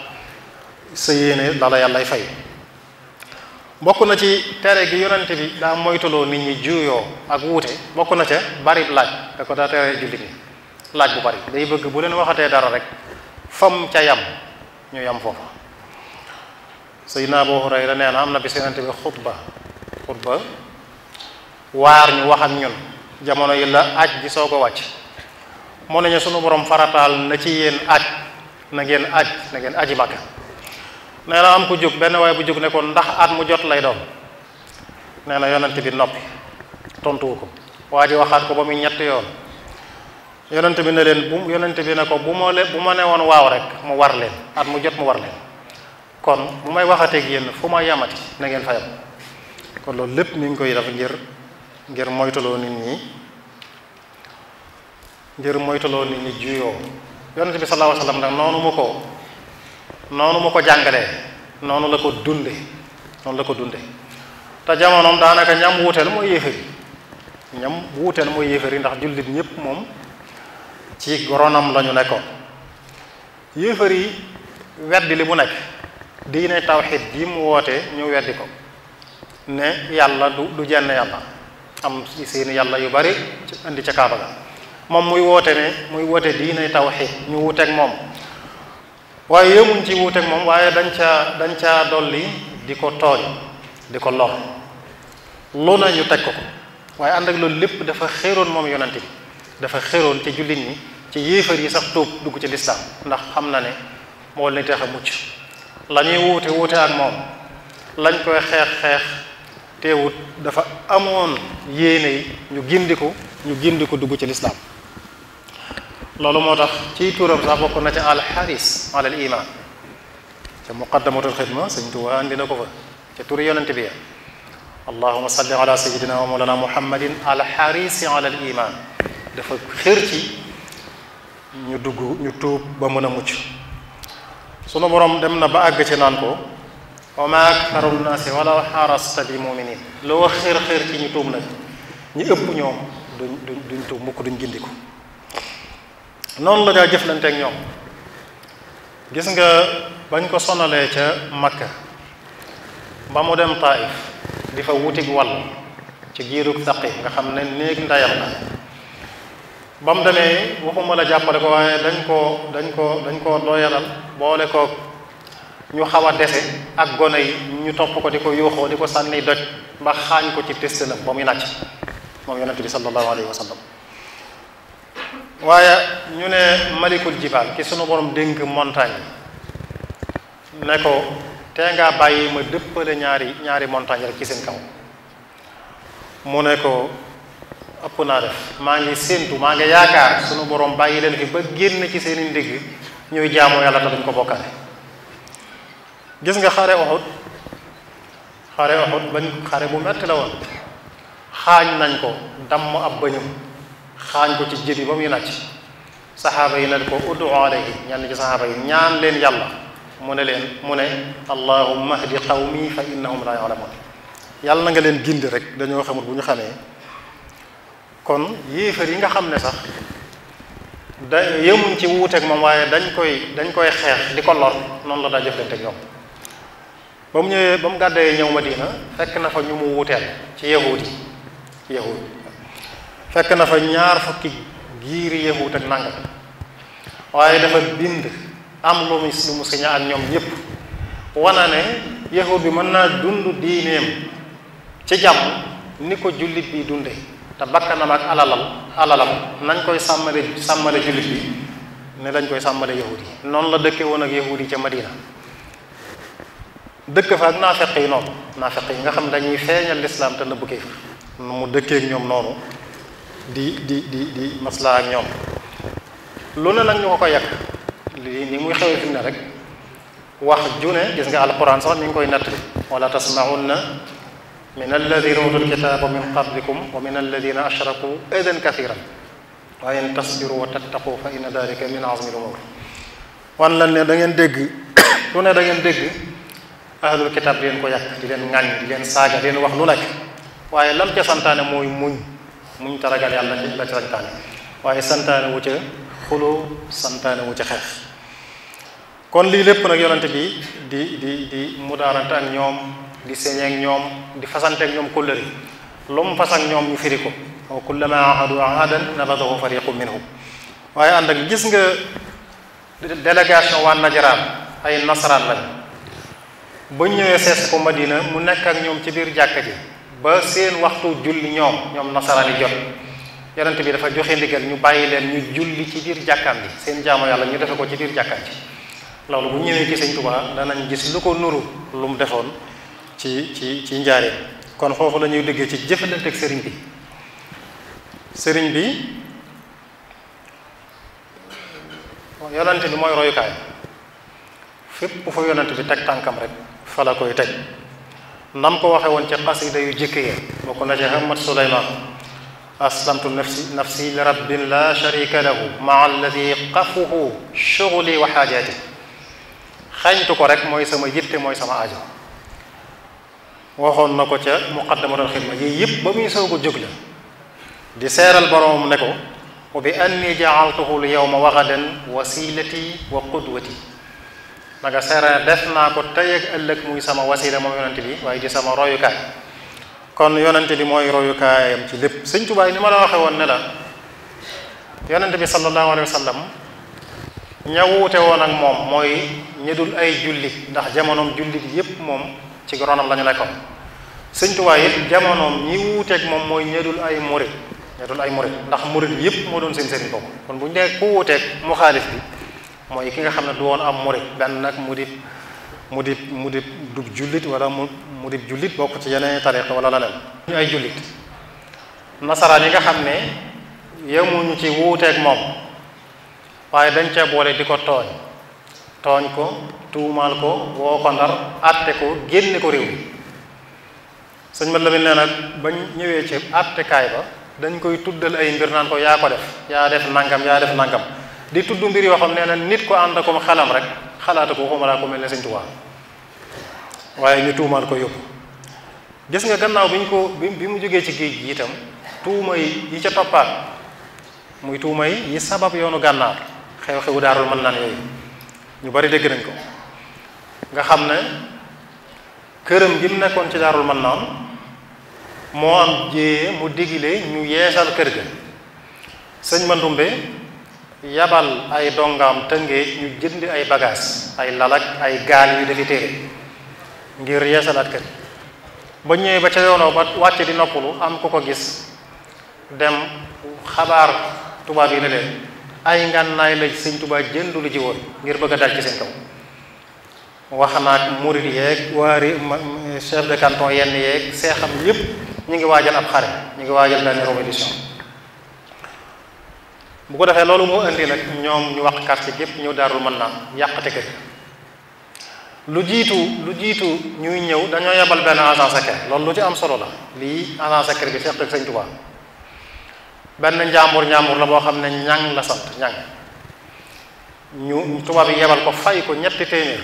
[SPEAKER 3] sa yéene la la yàllay fay bokk na ci tere gi yonante bi daa moytuloo nit ñi juuyoo ak wuute bokk na ca bari laaj da ko daa tere jullit ñi laaj bu bari day bëgg bu leen waxatee dara rek fam ca yam ñu yam foofa Sayyidina Abu Hurayra nee na am na bis yonente bi xutba xutba waar ñu wax ak ñun jamono yi la aj gi soo ko wàcc moo nañu sunu boroom farataal na ci yéen aj na ngeen aj na aji Makka nee na am ku jóg benn waaye bu jóg ne ndax at mu jot lay doom nee na yonent bi noppi tontuwu ko waa ji waxaat ko ba muy ñett yoon yonent bi ne leen bu yonent bi ne ko bu ma le bu ma ne woon waaw rek mu war leen at mu jot mu war leen kon bu may waxateeg yéen fu ma yamati na ngeen fayam kon loolu lépp mi ngi koy def ngir ngir moytaloo nit ñi ngir moytaloo nit ñi juyoo yonent bi sallallahu alayhi wasallam noonu ma ko noonu ma ko jàngalee noonu la ko dunde noonu la ko dunde te jamonoom daanaka ñam wuuteel mooy yéefar yi ñam wuuteel mooy yéefar yi ndax jullit ñëpp moom ci goronam la ñu nekkoon yéefar yi weddi li mu nekk diina taw tawxid ji mu wootee ñu weddi ko ne yàlla du du jenn yàlla am seeni yàlla yu bari indi ca kaaba ga moom muy woote ne muy woote diine tawxid ñu wuuteeg moom waaye yëmuñ ci wuuteeg moom waaye dañ caa dañ caa dolli di ko tooñ di ko lor lu na ñu teg ko ko waaye ànd ak loolu lépp dafa xéeroon moom yonent dafa xéeroon ci jullit ñi ci yéefar yi sax tuub dugg ci lislaam ndax xam na ne moo leen tax a mucc lañuy ñuy wuute wuute moom lañ koy xeex xeex teewut dafa amoon yéene yi ñu gindiku ñu gindiku dugg ci lislaam loolu moo tax ci turam sax bokk na ca alxaris alal iman ca muqaddamatul xidma sëñ Tuubaa andi na ko fa ca turi yonente bi allahuma salli ala sayidina wa mawlana muhammadin dafa xër ñu dugg ñu mën a mucc sunu borom dem na ba àgg ci naan ko wa ma aktaru nnaasi walaw xaarasta bi muminin loo xër xër ci ñu tuub nag ñu ëpp ñoom duñ duñ duñ tuub mukk duñ gindiku noonu la daa jëflanteeg ñoom gis nga bañ ko sonalee ca Makka ba mu dem Taif di fa wutig wàll ci giirug saqi nga xam ne néeg ndayam la ba mu demee waxuma la jàppale ko waaye dañ koo dañ koo dañ koo doyalal boole ko ñu xaw a dese ak gone yi ñu topp ko di ko yuuxoo di ko sànni doj ba xaañ ko ci test la ba muy nàcc moom yonente bi sallallahu alayhi wa sallam waaye ñu ne malikul jibaal ki sunu borom dénk montagne ne ko tee ngaa bàyyi ma dëppale ñaari ñaari montagne rek ci seen kaw mu ne ko ëpp naa def maa ngi séentu maa ngi yaakaar suñu boroom bàyyi leen fi ba génn ci seeni ndigg ñuy jaamu yàlla te duñ ko bokkale gis nga xare Uhud xare Uhud bañ xare bu metti la woon xaañ nañ ko damm ab bañum xaañ ko ci jëbi ba muy nàcc saxaaba yi ne ko uddu alayhi ñenn ci saxaaba yi ñaan leen yàlla mu ne leen mu ne allahumma hdi qawmi fa innahum la yalamun yàlla na nga leen gindi rek dañoo xamul bu ñu xamee kon yéefar yi nga xam ne sax da yëmuñ ci wuuteeg moom waaye dañ koy dañ koy xeex di ko lor noonu la daa jëflante ak ñoom ba mu ñëwee ba mu gàddee ñëw Madina fekk na fa ñu mu wuuteel ci yahuud yi yahuud fekk na fa ñaar fukki giiri yahuud ak nangam waaye dafa bind am lu mu lu mu ak ñoom ñëpp wana ne yahuud bi mën naa dund diineem ci jàmm ni ko jullit bi dunde te bakkanam ak alalal alalam nañ koy sàmmale sàmmale jullit bi ne lañ koy sàmmale yahudi yi noonu la dëkke woon ak yahudi yi ca Madina dëkk fa ak naafeq yi noonu naafeq yi nga xam ne dañuy feeñal lislaam te nëbb kéefër mu dëkkeek ñoom noonu di di di di maslaa ak ñoom lu ne nag ñu ko ko yàq li ni muy xewee fi mu ne rek wax june gis nga alquran sax mi ngi koy natt wala tasmaunna min alladina utu alkitaaba min qablikum wa min alladina ashraku idan kathiran wa in tasbiru wa tattaqu fa inna dalika min azmi lumur wan lan ne da ngeen dégg lu ne da ngeen dégg ahlul kitaab ko yàq di leen ŋàññ di leen saaga di leen wax lu nekk waaye lam ca santaane mooy muñ muñ taragal yàlla ci la ci santaane waaye santaane wu ca xuloo santaane wu ca xeex kon lii lépp nag yonent bi di di di mudaarante ak ñoom di señeeg ñoom di fasanteeg ñoom kóllëre lu mu fas ñoom ñu firi ko wa kullama ahadu ahadan nabadahu fariqu minhum waaye ànd ak gis nga délégation waa najraan ay nasaraan lañ ba ñëwee sees ko madina mu nekk ak ñoom ci biir jàkka ji ba seen waxtu julli ñoom ñoom nasaraan yi jot yonent bi dafa joxe ndigal ñu bàyyi leen ñu julli ci biir jàkkaam bi seen jaamu yàlla ñu defe ko ci biir jàkkaam ji loolu bu ñëwee ci sëñ Tuubaa danañ gis lu ko nuru lu mu defoon ci ci ci njaareem kon foofu lañuy liggéey déggee ci jëfalante ak sëriñ bi sëriñ bi yonante bi mooy royukaay fépp fa yonante bi teg tànkam rek fa la koy teg nam ko waxe woon ci xasida yu jëkk ya bokk na ci Ahmad Suleymaan aslamtu nafsi nafsi li rabbin la sharika lahu maa alladi qafuhu shughli wa xaajaati xañtu ko rek mooy sama yitte mooy sama aajo waxoon na ko ca muqaddamatul xidma yii yëpp ba muy soog a jóg la di seeral boromam ne ko wa bi anni jaaltuhu l yawma wa gadan wasilati wa qudwati da nga seeral def naa ko tey ak ëllëg muy sama wasila moom yonente bi waaye di sama royukaay kon yonente bi mooy royukaayam ci lépp sëñ tubaay ni ma la waxee woon ne la yonente bi sallallahu alayhi wa sallam wuute woon ak moom mooy ñedul ay julli ndax jamonoom julli bi yépp moom ci ronam lañu ñu nekkoon sëñ Tuubaa it jamonoom ñi wuuteeg moom mooy ñedul ay murit ñedul ay murit ndax murit yëpp moo doon seen sëriñ boobu kon bu ñu nee ku wuuteeg mu xaalis bi mooy ki nga xam ne du woon am murit benn nag mu di mu di mu di du jullit wala mu mu di jullit bokk ci yeneen tariqa wala leneen ñu ay jullit nasaraan yi nga xam ne yemuñu ci wuuteeg moom waaye dañ cee boole di ko tooñ tooñ ko tuumaal ko woo ko ndar àtte ko génne ko réew mi sëñ mat lamin nee nag bañ ñëwee ci àttekaay ba dañ koy tuddal ay mbir naan ko yaa ko def yaa def nangam yaa def nangam di tudd mbir yoo xam nee na nit ko ànd akom xelam rek xalaata ko waxuma laa ko mel ne sëñ Tuubaa waaye ñu tuumaal ko yóbbu gis nga gannaaw bi ñu ko bi mu jógee ci géej gi itam tuuma yi ca toppaat muy tuuma yi sabab yoonu gànnaar xew-xewu daarul mën naan yooyu ñu bari dégg nañ ko nga xam ne këram gi mu nekkoon ci daarul man naan moo am jéeye mu digile ñu yeesal kër ga sëñ Mandumbe yabal ay dongaam tëngéej ñu jënd ay bagaas ay lalak ay gaal yu defi ngir yeesalaat kër ba ñëwee ba ca yoonoo ba wàcce di noppalu am ko ko gis dem xabaar tubaab yi ne leen ay ngan ngànnaay la sëñ Tuubaa jëndu lu ji woon ngir bëgg a dal ci seen kaw wax naag murid yeeg waari chef de canton yenn yeeg seexam yépp ñu ngi waajal ab xare ñu ngi waajal benn compétition bu ko defee loolu moo indi nag ñoom wax quartier yëpp ñëw daarul mën naa yàqate kër lu jiitu lu jiitu ñuy ñëw dañoo yebal benn agent secret loolu lu ci am solo la lii agent secret bi seex ak sëñ Tuubaa benn njaambur njaambur la boo xam ne ñang la sant ñang ñu tubaab yi yebal ko fay ko ñetti téeméer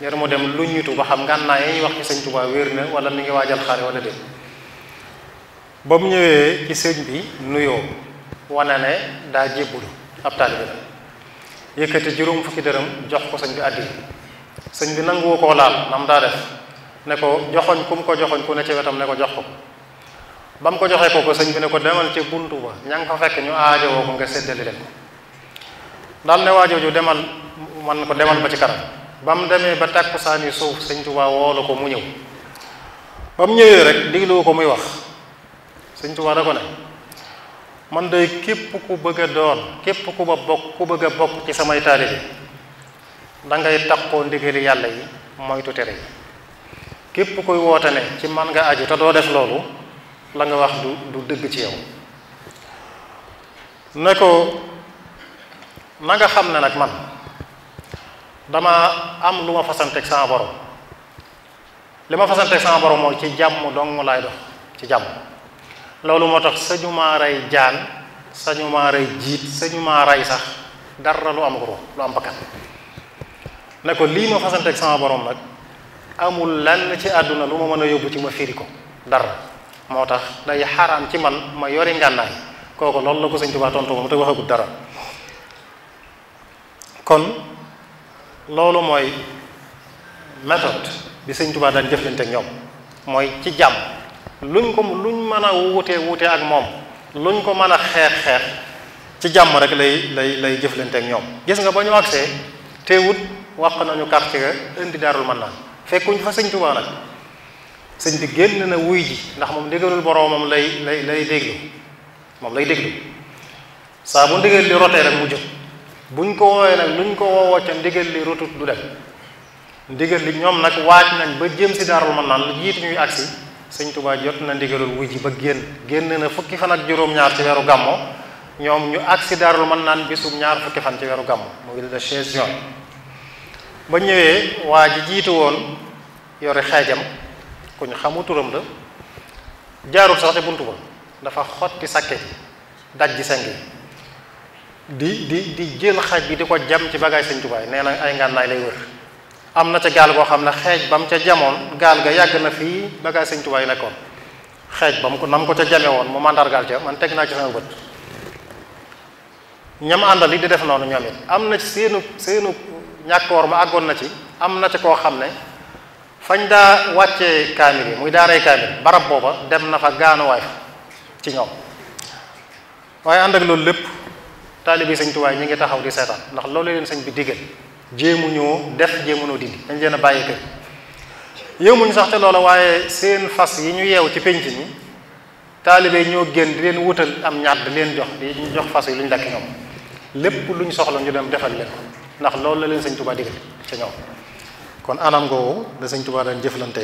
[SPEAKER 3] ngir mu dem lu ñitu ba xam ngànnaa yi wax ci sëñ Tuubaa wér na wala mi ngi waa xare wala déet ba mu ñëwee ci sëñ bi nuyoo wane ne daa jébbulu ab taalibe la yëkkati juróom fukki dërëm jox ko sëñ bi àddi sëñ bi nanguwu koo laal nam daa def ne ko joxoñ ku ko joxoñ ku ne ci wetam ne ko jox ko ba mu ko joxee ko sëñ bi ne ko demal ci bunt ba ña nga fa fekk ñu aajowoo ko nga séddale leen ko daal ne waajooju demal man ko demal ba ci kanam ba mu demee ba tàkkusaan yi suuf sëñ Tuubaa woolu ko mu ñëw ba mu ñëwee rek diglu ko muy wax sëñ Tuubaa da ko ne man de képp ku bëgg a képp ku ba bokk ku bëgg a bokk ci samay taalibe da ngay takkoo ndigali yàlla yi moytu tere yi képp kuy woote ne ci man nga aju te doo def loolu la nga wax du du dëgg ci yow ne ko na xam ne nag man dama am lu ma fasanteeg sama borom li ma fasanteeg sama borom mooy ci jàmm dong laay dox ci jàmm loolu moo tax sañu maa rey jaan sañu maa rey jiit sañu maa rey sax dara lu am ruux lu am bakkan ne ko lii ma fasanteeg sama borom nag amul lenn ci àdduna lu ma mën a yóbbu ci ma firi ko dara moo tax day xaraam ci man ma yori ngànnaay kooku loolu la ko sëñ Tuubaa tontu moom te waxagut dara kon loolu mooy méthode bi sëñ Tuubaa daan jëflante ñoom mooy ci jàmm luñ ko luñ mën a wutee wutee ak moom luñ ko mën a xeex xeex ci jàmm rek lay lay lay jëflante ak ñoom gis nga ba ñu agsee teewut wax nañu quartier ga indi daarul mën naa fekkuñ fa sëñ Tuubaa nag sëñ bi génn na wuy ji ndax moom ndigalul boroomam lay lay lay déglu moom lay déglu saa bu ndigal rek mu jóg buñ ko woowee nag luñ ko woowoo ca ndigal li rotut du dem ndigal ñoom nag waaj nañ ba jëm si daarul man naan lu jiitu ñuy agsi sëñ Tuubaa jot na ndigalul wuy ji ba génn génn na fukki fan ak juróom-ñaar ci weeru gàmmo ñoom ñu agsi daarul man naan bisum ñaar fukki fan ci weeru gàmmo mu ngi la chaise ba ñëwee waa ji jiitu woon yore xeejam ku ñu xam turam la jaarul sax te buntu ba dafa xotti sakke daj ji seng di di di jël xaaj bi di ko jam ci bagage Sëñ Tuubaa nee na ay ngànnaay lay wër am na ca gaal goo xam ne xeej ba mu ca jamoon gaal ga yàgg na fii bagage Sëñ Tuubaa nekkoon xeej ba mu ko nam ko ca jame woon mu màndargaal ca man teg naa ci sama bët ñam àndal yi di def noonu ñoom am na seenu seenu ñàkkoor ma àggoon na ci am na ca koo xam ne fañ daa wàcce kaamil yi muy daaray kaamil barab booba dem na fa gaanuwaay ci ñoom waaye ànd ak loolu lépp taalibi sëñ Tuubaa ñu ngi taxaw di seetaan ndax loolu leen sañ bi digal jéemu ñoo def jéemu noo dindi dañ leen a bàyyi kër yëmuñ sax te loola waaye seen fas yi ñu yeew ci pénc mi taalibe ñoo génn di leen wutal am ñaat di leen jox di jox fas yi lu ñu ñoom lépp lu ñu soxla ñu dem defal leen ko ndax loolu la leen sëñ Tuubaa digal kon anam googu la sëñ Tuubaa daan jëflante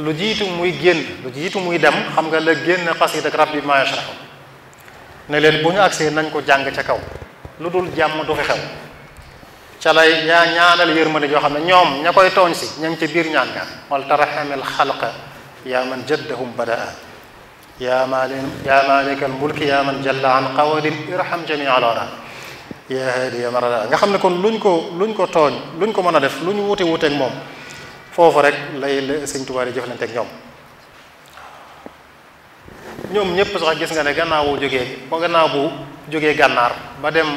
[SPEAKER 3] lu jiitu muy génn lu jiitu muy dem xam nga la génn xasiid ak rabbi maa yashrah ne leen bu ñu agsee nañ ko jàng ca kaw lu dul jàmm du ko xew ca lay ñaa ñaanal yërmande joo xam ne ñoom ña koy tooñ si ña ngi ca biir ñaan nga wal tarhamil xalqa yaa man jaddahum badaa yaa maali yaa maalikal mulki yaa man jalla an qawadin irham jamia alwara nga xam ne kon luñ ko luñ ko tooñ luñ ko mën a def luñ wute wuteek moom foofu rek lay sëñ Tuubaa di jëflanteeg ñoom ñoom ñëpp sax gis nga ne gannaaw bu jógee gannaaw bu jógee gànnaar ba dem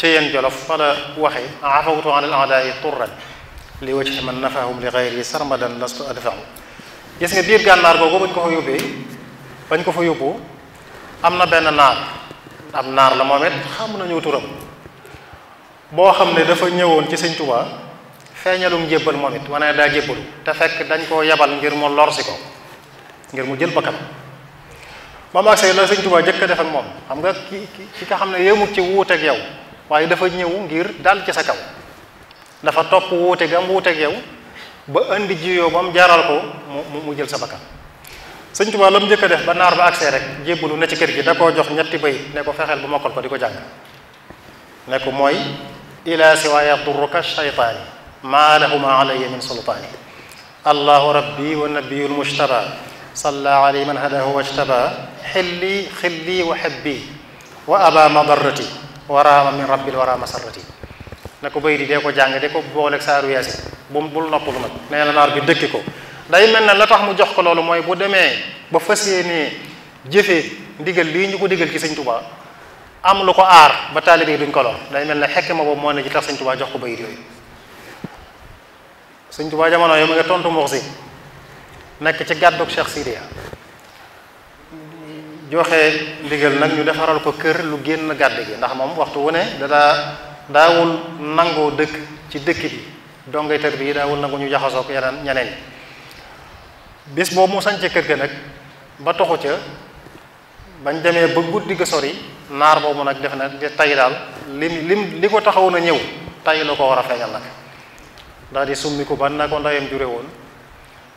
[SPEAKER 3] ca jolof fa la waxe afawtu an al aadaa'i turran li wajhi man nafahum li ghayri sarmadan lastu adfahu gis gànnaar googu bañ ko fa yóbbee bañ ko fa yóbbu am na benn naar am naar la moom it xam nañu turam boo xam ne dafa ñëwoon ci sëñ Tuubaa feeñalum jébbal moom it wane daa jébbalu te fekk dañ koo yabal ngir mu lorsi ko ngir mu jël bakkan ba mu agsee la sëñ Tuubaa moom xam nga ki ki nga xam ne yemut ci wuuteeg yow waaye dafa ñëw ngir dal ci sa kaw dafa topp wuute gam wuuteeg yow ba indi jiyoo ba mu ko mu mu jël sa bakkan sëñ Tuubaa la mu njëkk def ba naar ba agsee rek jébbalu na ci kër gi da koo jox ñetti bay ne ko fexeel bu mokkal ko di ko jàng ne mooy ilaa siwaa yadurruka shaytaani maa lahuma alayya min sultaani allahu rabbi wa nabiyul mujtaba salla alay man hadahu wajtaba xilli xilli wa xebbi wa aba madarrati wa raama min rabbil wara masarrati na ko bay di dee ko jàng de ko booleeg saaru yaasin bu mu bul noppalu nag nee na naar bi dëkki ko day mel na la tax mu jox ko loolu mooy bu demee ba fas yéenee jëfee ndigal lii ñu ko digal ci sëñ Tuubaa am lu ko aar ba taalibe yi duñ ko lor day mel ne xekke ma boobu moo ne ji tax sëñ Tuubaa jox ko bayit yooyu sëñ Tuubaa jamono yo ma nga tontu mbux si nekk ci gàddug Cheikh Sidiya joxe ndigal nag ñu defaral ko kër lu génn gàdd gi ndax moom waxtu wu ne dadaa daawul nangoo dëkk ci dëkk bi dongay tër bi daawul nangu ñu jaxasoo ko yeneen ñeneen bis boobu mu sañc kër gi nag ba toxu ca bañ demee ba guddi ga sori naar boobu nag defe na tay daal lim li li ko taxaw na ñëw tay la ko war a feeñal nag ndax di summi ko ban na ko ndeyam jure woon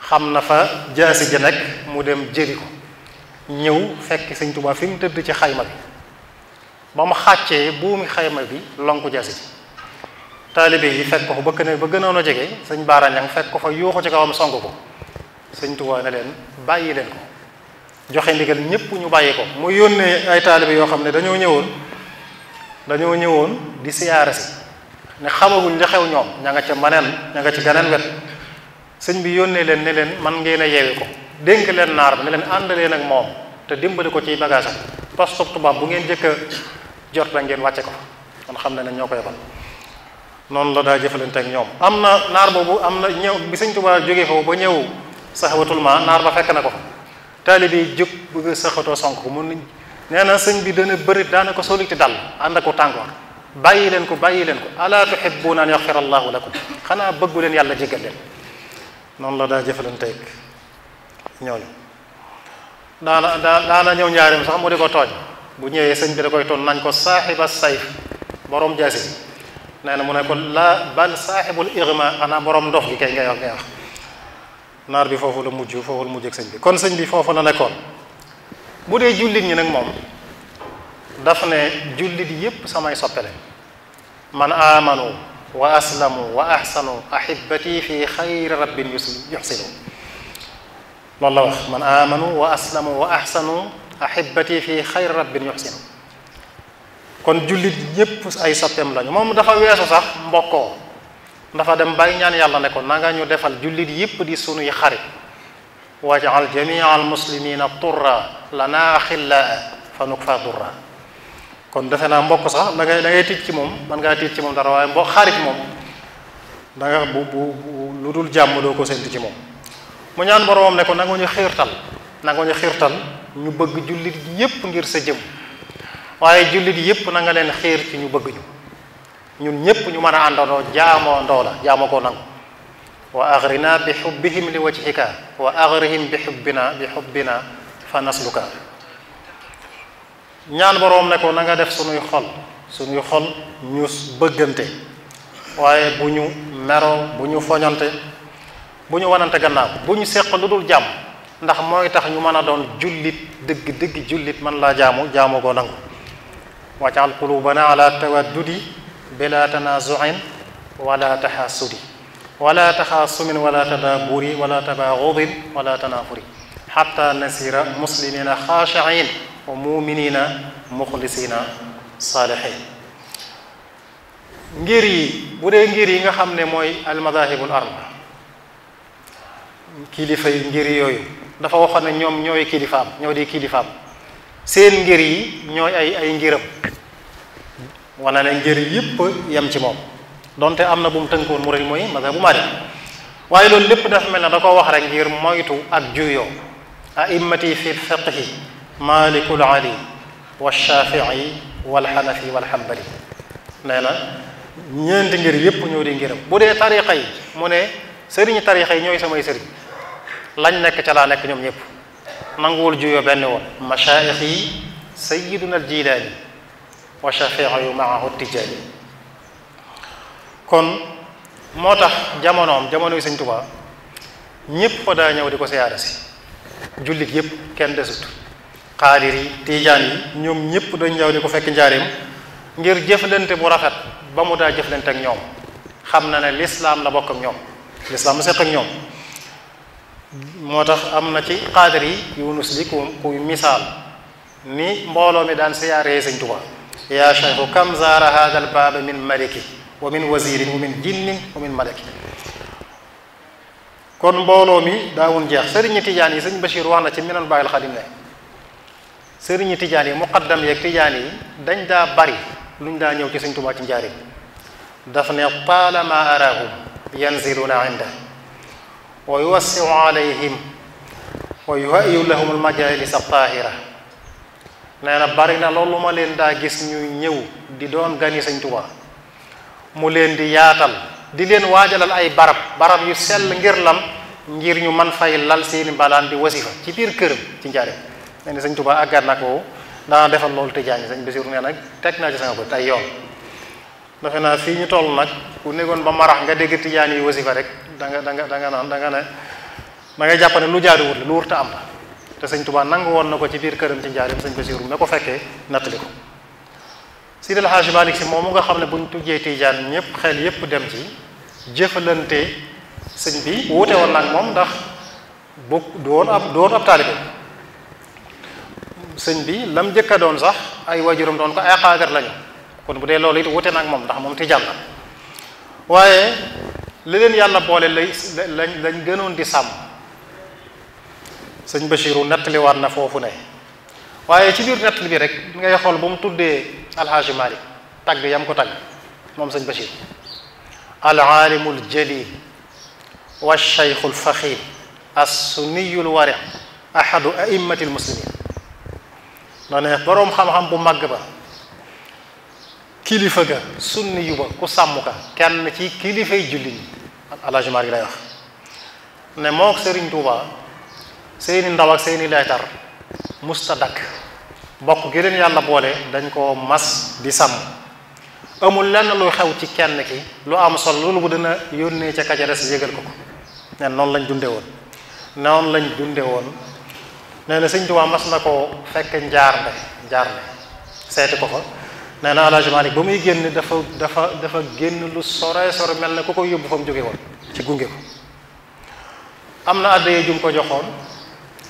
[SPEAKER 3] xam na fa jaasi ja nekk mu dem jëri ko ñëw fekk sëñ Tuubaa fi mu tëdd ci xayma bi ba mu xàccee buumi xayma bi lonku jaasi ji taalibe yi fekk ko ba ne ba gënoon a jege sëñ Baara Ñaŋ fekk ko fa yuuxu ci kawam song ko sëñ Tuubaa ne leen bàyyi leen ko joxe ndigal ñëpp ñu bàyyi ko mu yónnee ay taalibe yoo xam ne dañoo ñëwoon dañoo ñëwoon di siyaare si ne xamaguñ li xew ñoom ña nga ca maneen ña nga ci ganeen wet sëñ bi yónnee leen ne leen man ngeen a yeewi ko dénk leen naar bi ne leen ànd leen ak moom te dimbali ko ciy bagage am passeport tubaab bu ngeen jëkk jot la ngeen wàcce ko kon xam na ne ñoo ko yebal noonu la daa jëfalante ak ñoom am na naar boobu am na ñëw bi sëñ Tuubaa jógee foofu ba ñëw saxawatul ma naar ba fekk na ko taalibe yi jóg bëgg a saxatoo sonk ko mun nañ nee na sëñ bi dana bëri daanaka solu ci dal ànd ko tàngoor bàyyi leen ko bàyyi leen ko ala tuhibbuuna an yaxfira allahu lakum xanaa bëgguleen leen yàlla jéggal leen noonu la daa jëfalanteeg ñooñu daana daana ñëw njaarim sax mu di ko tooñ bu ñëwee sëñ bi da koy toon nañ ko saaxiba sayf borom jaasi nee na mu ne ko la bal saaxibul irma xanaa borom ndox gi kay ngay wax naar bi foofu la mujj foofu la mujj ak sëñ bi kon sëñ bi foofu la nekkoon bu dee jullit ñi nag moom daf ne jullit yépp samay soppe lañ man aamanu wa aslamu wa ahsanu ahibati fi xayri rabbin yuxsinu loolu la kon jullit yépp ay soppeem lañu moom dafa weesu sax mbokkoo dafa dem bàyyi ñaan yàlla ne ko na ñu defal jullit yépp di sunuy xarit wajal jamia al muslimina turra lana xillaa fa nukfa durra kon defe naa mbokk sax da ngay da ci moom man ngaa ci moom dara waaye mbokk xarit moom da lu dul jàmm ko séntu ci moom mu ñaan boromam ne ko nangu ñu xiirtal nangu ñu bëgg jullit yépp ngir sa jëm jullit yépp na nga leen xeer ci ñu bëgg ñu ñun ñépp ñu man a àndandoo jaamoo ndoo la jaamoo koo nangu wa agrina bi xubbihim li wajhika wa agrihim bi xubbina bi xubbina fa nasluka ñaan boroom ne ko nanga nga def sunuy xol suñuy xol ñu bëggante waaye bu ñu meroo bu ñu foñante bu ñu wanante gannaaw bu ñu seq lu dul jàmm ndax mooy tax ñu mën a doon jullit dëgg dëgg jullit man laa jaamu jaamu ko nangu wajal qulubana ala tawaddudi bila tanazuin wala taxaasudi wala taxaasumin wala tadaaburi wala tabaagudin wala tanaafuri xata nasira muslimina xaashain wa muminina muxlisina saalihin ngir yi dee ngir nga xam ne mooy almadahibul arba kilifa yi ngir yooyu dafa waxoon ne ñoom ñooy kilifaam ñoo di kilifaam seen ngir yi ñooy ay ay wane ne ngir yëpp yem ci moom donte am na bu mu tënkoon mu mooy mooy mazhabu Maalik waaye lool lépp dafa mel ne dakoo ko wax rek ngir moytu ak juyoo a'immati fi fiqhi maalikul alim wa shafii wal xanafi wal xambali nee na ñeenti ngir yëpp ñoo di ngiram bu dee tariqa yi mu ne sëriñ tariqa yi ñooy samay sëriñ lañ nekk ca laa nekk ñoom ñëpp nanguwul juyoo benn woon machaayix yi sayyiduna al jilaani wa shafiihu maahu tijaani kon moo tax jamonoom jamono yi Sëñ Tuubaa ñëpp ko daa ñëw di ko siyaare si jullit yëpp kenn desut xaadir yi tiijaan yi ñoom ñëpp dañ ñëw di ko fekk njaareem ngir jëflante bu rafet ba mu daa jëflante ak ñoom xam na ne lislaam la bokk ak ñoom lislaam la seq ak ñoom moo tax am na ci xaadir yi Yunus li ku misaal ni mbooloo mi daan siyaaree Sëñ Tuubaa yaa cheikhu kam zaara hada al baaba min maliki wa min wazirin wa min jinnin wa min malaki kon mbooloo mi daawun jeex sëriñi tijaan yi sëñ Bachir wax na ci Minanul Baaqil Xadim ne sëriñi tijaan yi muqaddam yeeg tijaan yi dañ daa bari luñ daa ñëw ci sëñ Tuubaa ci njaari daf ne taalama arahum yanziluna inda wa yuwassiu alayhim wa yuhayu lahum almajalisa tahira nee na bari na loolu ma leen daa gis ñuy ñëw di doon gani Sëñ Tuubaa mu leen di yaatal di leen waajalal ay barab barab yu sell ngir lam ngir ñu man fay lal seeni mbalaan di wasifa ci biir këram ci njare nee na Sëñ Tuubaa àggaat na ko daana defal loolu tijaan yi Sëñ Basiru nee nag teg naa ci sama bët ay yoon defe naa fii ñu toll nag ku négoon ba marax nga dégg tijaan yi wasifa rek da nga da nga da nga naan da ne da nga jàpp ne lu jaaduwut la lu wurta am te sëñ Tuubaa nangu woon na ko ci biir këram ci njaareem sëñ Basiiru ma ko fekkee nattali ko Seydi El Hadji nga xam ne buñ tujjee Tijaan ñëpp xel yëpp dem ci jëfalante sëñ bi wuute woon nag moom ndax bu doon ab doon ab taalibe sëñ bi lam njëkk a doon sax ay waajuram doon ko ay xaadir lañu kon bu dee loolu it wuute nag moom ndax moom Tijaan la waaye li leen yàlla boole lay lañ lañ gënoon di sàmm sëñ Bachiru nettaliwaat na foofu ne waaye ci biir nettali bi rek ngay xool ba mu tuddee alxaaji Malik tagg yam ko tagg moom sëñ Bachir alaalimu aljalil wa alcheyxu alfaxir assunniyu lwari ahadu aimati almuslimin na ne boroom xam-xam bu màgg ba kilifa ga sunni ku sàmm ka kenn ci kilifay julli ñi alxaaji Malik lay wax seeni ndaw ak seeni leetar musta dakk bokk gi leen yàlla boole dañ koo mas di sàmm amul lenn lu xew ci kenn ki lu am solo loolu bu dina yónnee ca kaca des yëgal ko ko nen noonu lañ dunde woon noonu lañ dunde woon nee na sëñ Tuubaa mas na koo fekk njaarnde njaarnde seeti ko fa nee na Alaaji Maalik ba muy génn dafa dafa dafa génn lu sore sore mel na ku ko yóbbu fa mu jóge woon ci gunge ko am na àddaye jum ko joxoon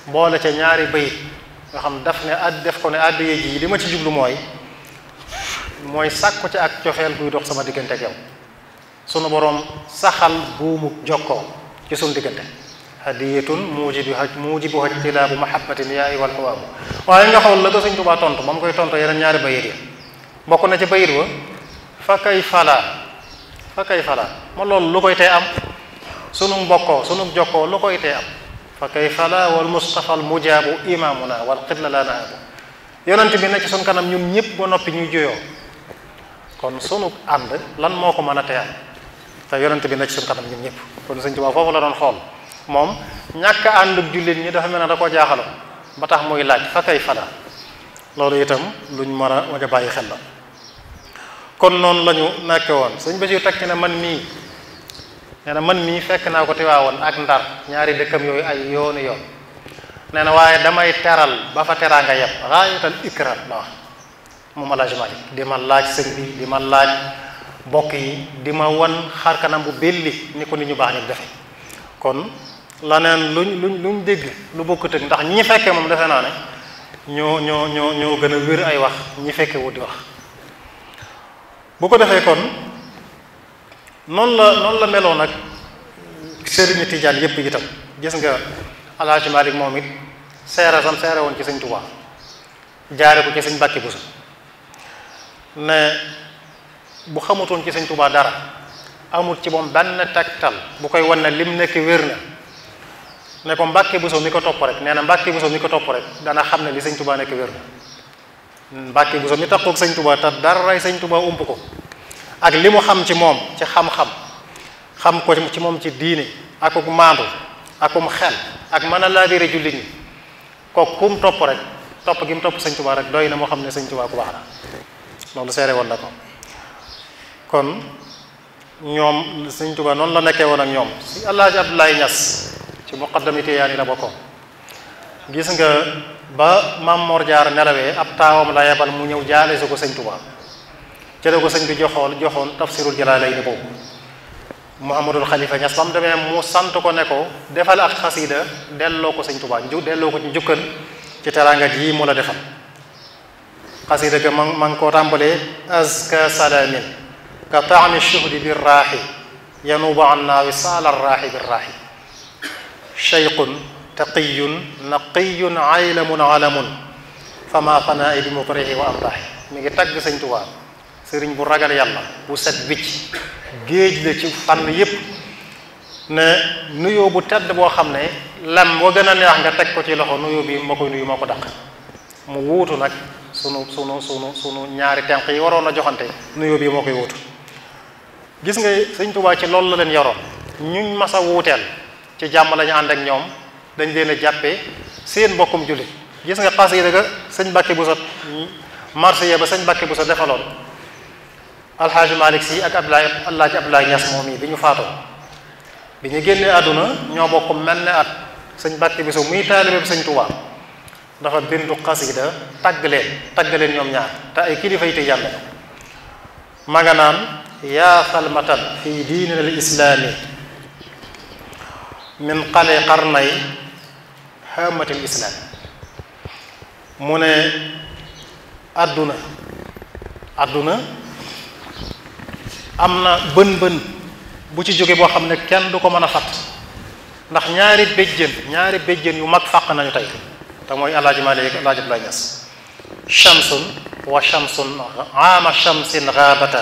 [SPEAKER 3] boole ca ñaari bayit nga xam daf ne ad def ko ne addiye ji li ma ci jublu mooy mooy sàkku ci ak cofeel buy dox sama diggante ak yow sunu boroom saxal buumu jokkoo ci sunu diggante hadiyatun mujibu haj mujibu haj tilaabu mahabbatin yaa wal xawaabu waaye nga xool la ko Sëñ Tuubaa tontu ba mu koy tontu yeneen ñaari bayit yi bokk na ci bayit wa fa kay falaa fa kay falaa ma loolu lu koy tee am sunu mbokkoo sunu jokkoo lu koy tee am fa kayfa la wal mustafa al mujaabu imaamuna wal xidla la naabu yonent bi ne ci kanam ñun ñëpp ba noppi ñu juyoo kon sunu ànd lan moo ko mën a teyal te yonent bi ne ci sun kanam ñun ñëpp kon sëñ Tuubaa foofu la doon xool moom ñàkk ànd jullit ñi dafa mel ne dakoo koo jaaxalo ba tax muy laaj fa kayfa la loolu itam luñ mën a waj bàyyi xel la kon noonu la ñu nekke woon sëñ Basiru teg man mii nee na man mii fekk naa ko tiwaawoon ak ndar ñaari dëkkam yooyu ay yoonu yoon nee na waaye damay teral ba fa teraanga yem raayatal ikram la wax moom El Hadj Malick di ma laaj sëñ bi di ma laaj mbokk yi di ma wan xarkanam bu belli ni ko nit ñu baax ñu defe kon la laneen luñ lu luñ dégg lu bokkut ak ndax ñi fekkee moom defe naa ne ñoo ñoo ñoo ñoo gën a wér ay wax ñi fekkee wut di wax bu ko defee kon noonu la noonu la meloo nag sëriñu tijaan yépp itam gis nga alaaji moom it seere sam seere woon ci sëñ Tuubaa jaare ko ci sëñ Mbàkke Buso ne bu xamutoon ci sëñ Tuubaa dara amul ci moom benn tegtal bu koy wan ne lim nekk wér na ne ko Mbàkke Buso mi ko topp rek nee na Mbàkke Buso mi ko topp rek dana xam ne li sëñ Tuubaa nekk wér na Mbàkke Buso mi taxoog sëñ Tuubaa te daray sëñ Tuubaa ump ko ak li mu xam ci moom ci xam-xam xam ko ci moom ci diine akuk maandu akum xel ak mën a laabire jullit ñi kooku kum topp rek topp gi mu topp sëñ Tuubaa rek doy na moo xam ne sëñ Tuubaa ku baax la loolu seere woon na ko kon ñoom sëñ Tuubaa noonu la nekkee woon ak ñoom si Alaaji Abdoulaye Niass ci muqaddami Tiyaani la bokkoon gis nga ba Maam Mor Jaara nelawee ab taawam la yebal mu ñëw jaale si ko sëñ Tuubaa ca la ko sëñ bi joxoon joxoon tafsirul jalaalayni mu sant ko ne ko defal ak xasida delloo ko sëñ Tuubaa delloo ko ci njukkal ci teraanga ji mu la defal xasida ga ma ma ngi koo tàmbalee azka salaamin ka taami shuhdi bir raaxi yanuubu annaawi saala raaxi bir raaxi cheyqun taqiyun naqiyun aylamun alamun fama fanaa'i bi mutrihi wa amdahi mi ngi tagg sëñ Tuubaa sëriñ bu ragal yàlla bu set wicc géej la ci fànn yépp ne nuyoo bu tedd boo xam ne lam wa gën a neex nga teg ko ci loxo nuyoo bi ma koy nuyu ma ko daq mu wuutu nag sunu sunu sunu sunu ñaari tenq yi waroon a joxante nuyoo bi moo koy wuutu gis nga sëñ Tuubaa ci loolu la leen yoroon ñu mas a wuuteel ci jàmm lañu ànd ak ñoom dañ leen a jàppee seen bokkum jullit gis nga xas yi dëgg sëñ Bàkke bu sa marché ba sëñ Bàkke bu sa defaloon alxaaji Malick si ak Abdoulaye Alaaji Abdoulaye Niass moom yi bi ñu faatoo bi ñu génnee àdduna ñoo bokk mel ne at sëñ Mbàkke Buso muy taalibe bi sëñ Tuubaa dafa bindu xasida tagg leen tagg leen ñoom ñaar te ay kilifay te yàlla ma nga naan yaa fi diinil islaami min ne àdduna àdduna am na bën-bën bu ci jóge boo xam ne kenn du ko mën a fàtt ndax ñaari béjjën ñaari béjjën yu mag fàq nañu tey te mooy alaaji Maalik alaaji Abdoulaye Niass shamsun wa shamsun aama shamsin gaabata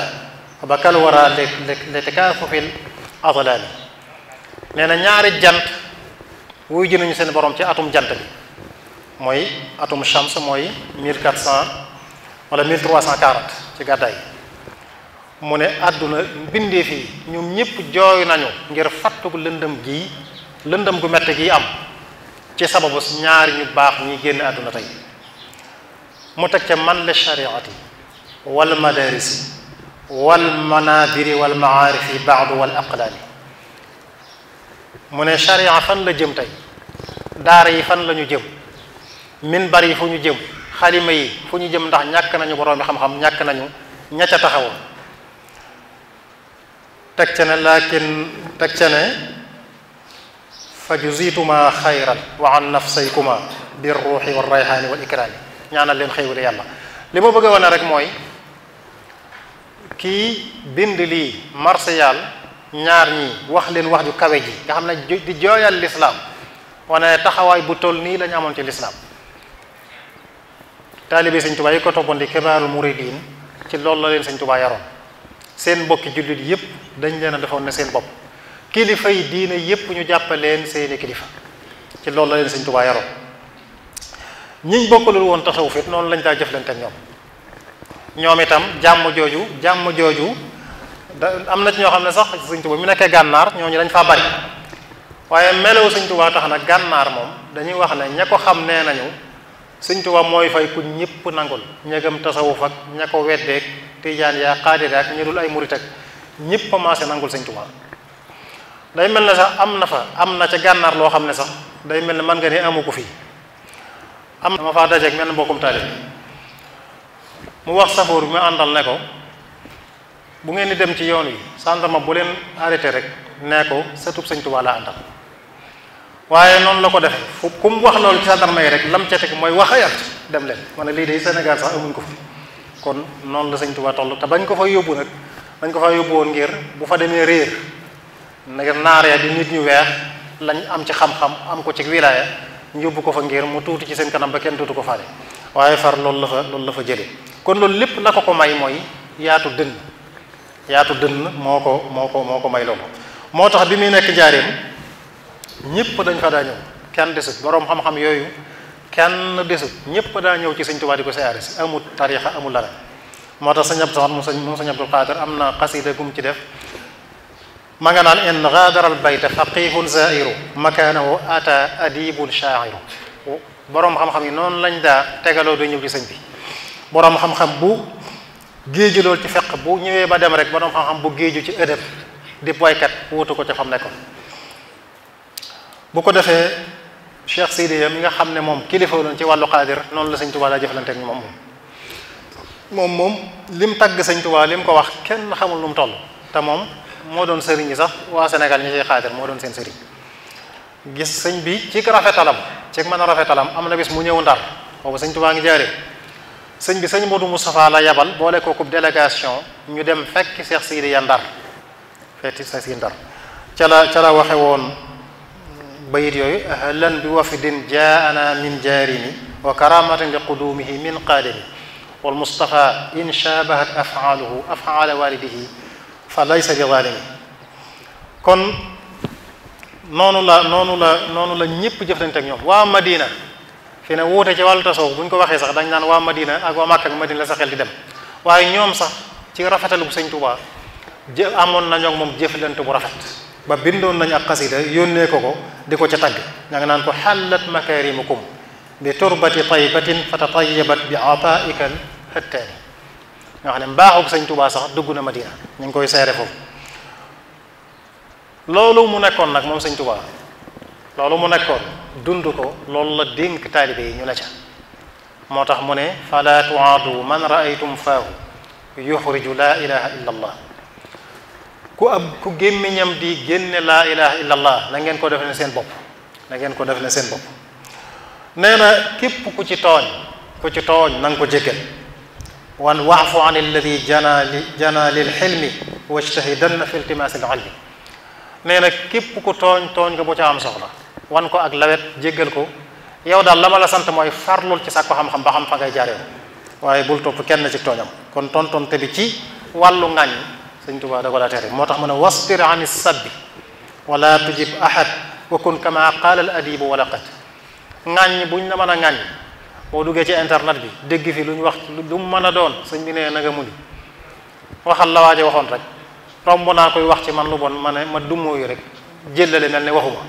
[SPEAKER 3] ba kal wara le le tekaafu fil adlaali nee na ñaari jant wuy jënañu seen borom ci atum jant bi mooy atum shams mooy mille wala mille trois cent quarante ci gàddaay mu ne àdduna mbindeef fii ñoom ñëpp jooy nañu ngir fàttuk lëndëm gii lëndëm gu mett gii am ci sababu ñaari ñu baax ñi génn àdduna tey mu teg ca man la shariati wal madarisi wal manabiri wal baax baadu wal aqlaami mu ne sharia fan la jëm tey daara yi fan lañu ñu min bar yi fu ñu jëm xalima yi fu ñu jëm ndax ñàkk nañu boroomi xam-xam ñàkk nañu ña ca taxawoon teg ca ne laakin teg ca ne fa juziituma xayran wa an nafsaykuma bir ruuxi wa rayxaani wal ikraami ñaanal leen xéewale yàlla li ma bëgg wane rek mooy kii bind lii marsiyal ñaar ñi wax leen wax ju kawe ji nga xam ne di jooyal lislaam wane taxawaay bu toll nii lañu amoon ci lislaam taalibe sëñ Tuubaa yi ko toppandi kibaarul muridiin ci lool la leen sëñ Tuubaa yaroon seen mbokki jullit yëpp dañ leen a defoon ne seen bopp kilifa yi diine yëpp ñu leen seeni kilifa ci loolu la leen sëñ Tuubaa yaroon ñiñ bokkalul woon taxawu fit noonu lañ daa jëflante ak ñoom ñoom itam jàmm jooju jàmm jooju da am na ci ñoo xam ne sax sëñ Tuubaa mi nekkee gànnaar ñooñu dañ faa bari waaye melewu sëñ Tuubaa tax na gànnaar moom dañuy wax ne ña ko xam nee nañu sëñ Tuubaa mooy fay ku ñëpp nangul ñegam tasawuf ak ña ko weddeek tijaan yaa xaadir ak ñi dul ay murit ak ñëpp maase nangul sëñ Tuubaa day mel ne sax am na fa am na ca gànnaar loo xam ne sax day mel ne man nga ne amu ko fii am dama faa dajeeg mel mbokkum taalib mu wax safoor bi mu àndal ne ko bu ngeen di dem ci yoon wi ma bu leen arrêté rek nee ko satub sëñ Tuubaa laa àndal waaye noonu la ko defe fu ku mu wax loolu ci gendarme yi rek lam ca mooy wax yaat dem leen ma ne lii day Sénégal sax amuñ ko fi kon noonu la sëñ Tuubaa toll te bañ ko fa yóbbu nag dañ ko fa yóbbu woon ngir bu fa demee réer ngir naar di nit ñu weex lañ am ci xam am ko ci wilaaya ñu ko fa ngir mu tuuti ci seen kanam ba kenn tuuti ko faale waaye far loolu la fa loolu la fa jëlee kon loolu lépp la ko ko may mooy yaatu dënn yaatu dënn moo ko moo ko moo ko may loolu moo tax bi muy nekk njaareem ñëpp dañ fa daa ñëw kenn desut boroom xam-xam yooyu kenn desut ñëpp daa ñëw ci sëñ Tuubaa di ko siyaare si amul tariixa amul dara moo tax sëñ Abdu Samad mu sëñ moom sëñ Abdul am na xasida gum ci def ma nga naan in gaadara al bayta faqihun zairu makaanahu ata adibun shaa'iru boroom xam-xam yi noonu lañ daa tegaloo du ñëw ci sëñ bi boroom xam-xam bu géeju lool ci feq bu ñëwee ba dem rek boroom xam-xam bu géeju ci ëdëb di boykat wutu ko ca fam nekkoon bu ko defee Cheikh Sidiya mi nga xam ne moom kilifa loon ci wàllu xaadir noonu la sëñ Tuubaa daa jëflanteek moom moom moom lim tagg sëñ Tuubaa lim ko wax kenn xamul nu mu toll te moom moo doon sëriñ yi sax waa Sénégal ñi ciy xaadir moo doon seen sëriñ gis sëñ bi ci rafetalam ci mën a rafetalam am na bis mu ñëw ndar boobu sëñ Tuubaa ngi jaaree sëñ bi sëñ Modou Moustapha la yabal boole ko kub délégation ñu dem fekk Cheikh Sidiya ndar sa si ndar ca la ca la bayit yooyu ahlan bi wafdin jaana min jaarimi wa karamatan li qudumihi min qaadimi wal mustafa in shabahat afaaluhu afaala walidihi fa laysa bi zalimi kon noonu la noonu la noonu la ñëpp jëflante ak ñoom waa Madina fi ne wuute ci wàllu tasawuf bu ñu ko waxee sax dañ naan waa Madina ak waa Màkka ak Madina la xel di dem waaye ñoom sax ci rafetalu bu Sëñ Tuubaa jë amoon nañoo moom jëflante bu rafet ba bindoon nañ ak xasida yónnee ko ko di ko ca tagg ña nga naan ko xallat makaarimukum bi turbati taybatin fa tatayabat bi ataaikal xëttaani nga xam ne mbaaxug sëñ tubaa sax dugg na madina ñu koy seere foofu loolu mu nekkoon nag moom sëñ tubaa loolu mu nekkoon dund ko loolu la dénk taalibe yi ñu la ca moo tax mu ne fala tuaadu man raaytum faahu yuxriju laa ilaha illa allah ku ab ku gémmiñam di génne la ilaha illa allah ngeen ko def ne seen bopp na ngeen ko def ne seen bopp nee na képp ku ci tooñ ku ci tooñ na nga ko jéggal wan waafu an alladi jana li jana lil xilmi wajtahidanna fi iltimaasi al ilmi na képp ku tooñ tooñ ko ca am soxla wan ko ak lawet jéggal ko yow daal la ma la sant mooy farlul ci sàkku xam-xam ba xam fa ngay waaye bul topp kenn ci tooñam kon tontonte bi ci wàllu ngàññ sëñ Tuubaa da ko moo tax mu ne wastir an sabbi wala tujib ahad wa kun kama qaala qat ŋàññ buñ la mën a ŋàññ boo duggee ci internet bi dégg fi lu ñu wax lu mu mën a doon sëñ bi nee na nga muni waxal la waaje waxoon rek romb naa koy wax ci man lu bon ma ne ma dummóoyu rek jëllale mel ne waxuma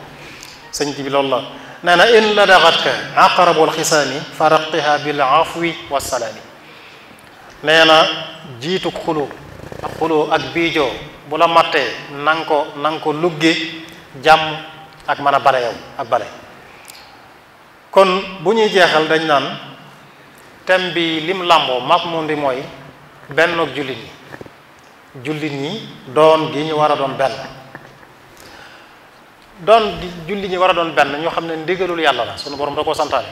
[SPEAKER 3] sëñ bi loolu la nee na in la daxatka fa xisaami faraqqiha bil afwi wassalaami nee na jiituk ak xuloo ak biijoo bu la mattee na ko nang ko lugge jàmm ak mën a bale yow ak bale kon bu ñuy jeexal dañ naan thème bi lim làmboo map moom di mooy bennoog jullit ñi jullit ñi doon gi ñu war a doon benn doon gi jullit ñi war a doon benn ñoo xam ne ndigalul yàlla la sunu borom da koo santaane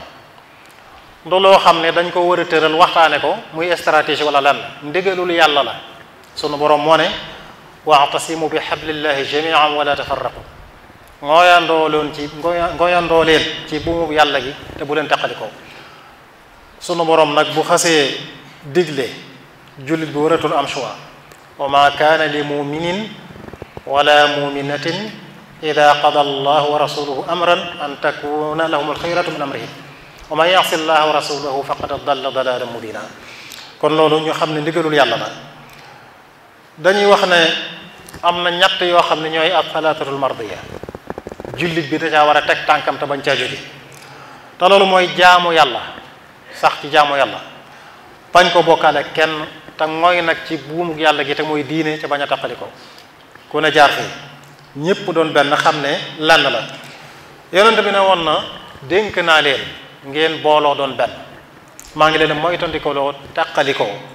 [SPEAKER 3] du loo xam ne dañ ko war a tëral waxtaane ko muy stratégie wala lenn ndigalul yàlla la sunu borom moo ne wa'tasimu bi hablillahi jami'an wala tafarraqu ngooyandoo leen ci ngooyandoo leen ci yàlla gi te bu leen taqalikoo sunu borom nag bu xasee digle jullit bi waratul am choix wa ma kaana li muminin wala muminatin ida qada allahu wa rasuluhu amran an takuna lahum alxayratu min amrihim wa man yaxsi allah wa rasulahu faqad dalla dalalan mubina kon loolu ñu xam ne ndigalul yàlla la dañuy wax ne am na ñett yoo xam ne ñooy ab salaatatul mardiya jullit bi da caa war a teg tànkam te bañ caa jóge te loolu mooy jaamu yàlla sax ci jaamu yàlla bañ ko bokkaale kenn te mooy nag ci buumu yàlla gi te mooy diine ca bañ a taqali ko a ne jaar ñépp doon benn xam ne lenn la yonent bi ne woon na dénk naa leen ngeen booloo doon benn maa ngi leen moytandikoloo taqalikoo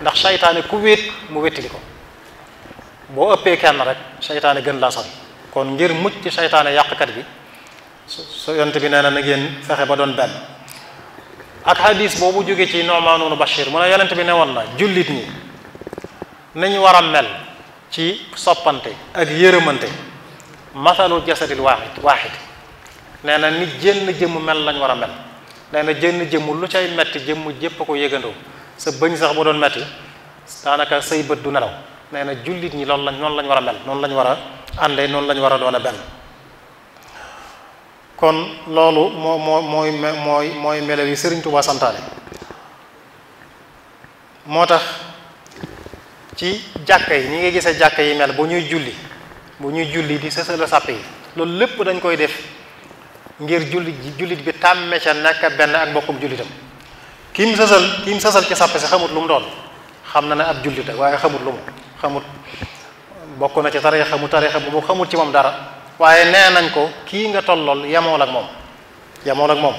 [SPEAKER 3] ndax seytaane ku wéet mu wéttili ko boo ëppee kenn rek saytaane gën laa sori kon ngir mucc ci saytaane yàqkat bi su yonte bi nee na na ngeen fexe ba doon benn ak hadis boobu jóge ci Nu'maan ibn Bashir mu ne yonent bi ne woon na jullit ñi nañu war a mel ci soppante ak yërëmante mathalul jasadil waaxid waaxid nee na ni jënn jëmm mel lañ war a mel nee na jënn jëm lu cay metti jëmm jépp ko yëgandoo sa bëñ sax bu doon metti daanaka say bët du nelaw nee na jullit ñi loolu lañ noonu lañ war a mel noonu lañ war a àndee noonu lañ war a doon a benn kon loolu moo mooy mooy melew yi Sëriñ Tuubaa santaane moo tax ci jàkka yi ñi nga gisee jàkka yi mel bu ñuy julli bu ñuy julli di sësala sàpp yi loolu lépp dañ koy def ngir jullit ji jullit bi tàmme ca nekk benn ak bokkum jullitam kim sësal kim sësal ci sàppe si xamut lu mu doon xam na ne ab jullit la waaye xamut lu mu xamut bokk na ci tariixa mu tariixa bu mu xamut ci moom dara waaye nee nañ ko kii nga tollool yemool ak moom yemool ak moom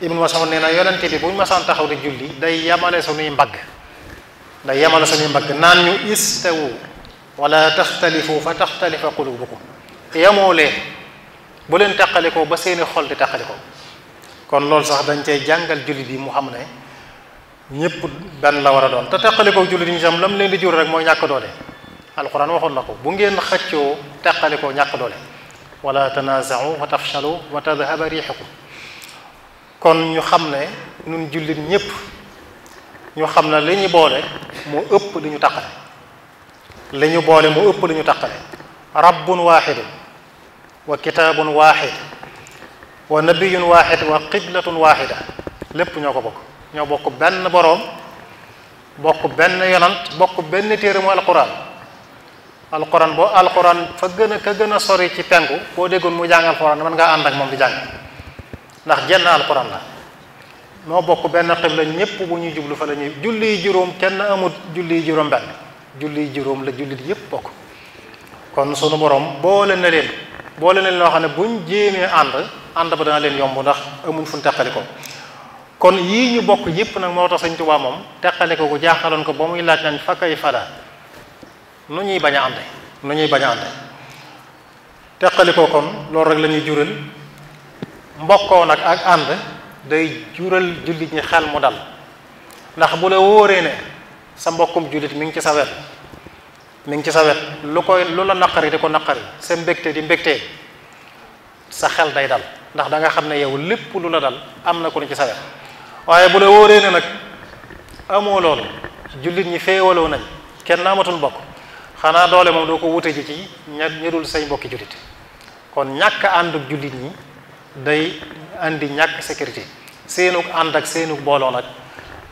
[SPEAKER 3] Ibnu nee na yonente bi ma masaan taxaw di julli day yemale suñuy mbagg day yemale suñuy mbagg naan ñu istawu wala taxtalifu fa taxtalifa qulubukum yemoo leen bu leen taqalikoo ba seeni xol di taqalikoo kon loolu sax dañ cay jàngal ju yi mu xam ne ñëpp benn la war a doon te teqalikoo jullit ñi sam lam leen di jur rek mooy ñàkk doole alquran waxoon na ko bu ngeen xëccoo teqalikoo ñàkk doole wala tanazau wa tafchalu wa tadhaba riixukum kon ñu xam ne nun jullit ñëpp ñu xam ne li ñu boole moo ëpp li ñu taqale li ñu boole moo ëpp li ñu taqale rabbun waaxidun wa kitaabun waaxid wa nabiyun waaxid wa qiblatun waaxida lépp ñoo ko bokk ñoo bokk benn boroom bokk benn yonant bokk benn téere mu alquran boo alquran fa gën a ka gën a sori ci penku boo déggoon mu jàng alquran mën ngaa ànd ak moom di jàng ndax jenn alquran la noo bokk benn xibla ñépp bu ñuy jublu fa la ñuy julli juróom kenn amut julli juróom benn julli juróom la jullit yépp bokk kon sunu borom boole na leen boole na leen loo xam ne buñ jéemee ànd ànd ba dana leen yomb ndax amuñ fu ñu ko kon yii ñu bokk yëpp nag moo tax sëñ Tuubaa moom teqale ko ku jaaxaloon ko ba muy laaj nañ fa kay fala nu ñuy bañ a ànde nu ñuy bañ a teqale ko kon loolu rek lañuy jural mbokkoo nag ak ànd day jural jullit ñi xel mu dal ndax bu la wóoree ne sa mbokkum jullit mi ngi ci sawet mu ngi ci sawet lu koy lu la naqari di ko naqari sa mbégte di mbégtee sa xel day dal ndax danga xam ne yow lépp lu la dal am na ko ni ci sawet waaye bu la wóoree ne nag amoo loolu jullit ñi féewaloo nañ kenn naa matul bokk xanaa doole moom doo ko wutee ji ci ña ñedul say bokki jullit kon ñàkk ànduk jullit ñi day indi ñàkk sécurité seenuk ànd ak seenu booloo nag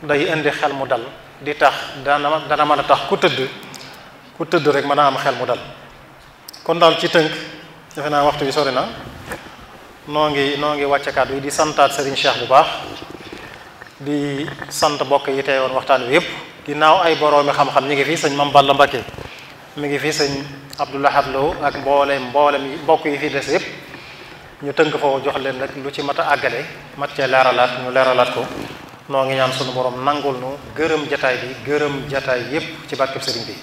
[SPEAKER 3] day indi xel mu dal di tax dana dana mën a tax ku tëdd ku tëdd rek mën a am xel mu dal kon daal ci tënk defe naa waxtu bi sori na noo ngi noo ngi wàcce kàddu yi di santaat Serigne Cheikh bu baax di sant bokk yi teewoon waxtaan wi yëpp ginnaaw ay boroomi xam-xam ñi ngi fi sëñ ma Balla Mbacké mi ngi fi sëñ Abdou Lahad Lo ak mboolem mboolem yi bokk yi fi des yëpp ñu tënk foofu jox leen nag lu ci mat a àggale mat cee leeralaat ñu ko noo ngi ñaan sunu borom nangul nu gërëm jataay gërëm jataay yëpp ci barkeb sëriñ bi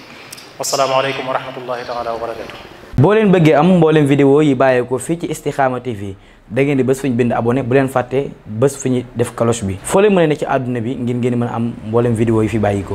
[SPEAKER 3] wasalaamaaleykum wa rahmatullahi taala wa barakatu
[SPEAKER 1] boo leen bëggee am mboolem vidéo yi bàyyeekoo fii ci Istikhama TV da ngeen di bés fu ñu bind abonné bu leen fàtte bés fu ñu def cloche bi foo leen mën ne ci àdduna bi ngir ngeen mën a am mboolem vidéo yi fi bàyyi bàyyikoo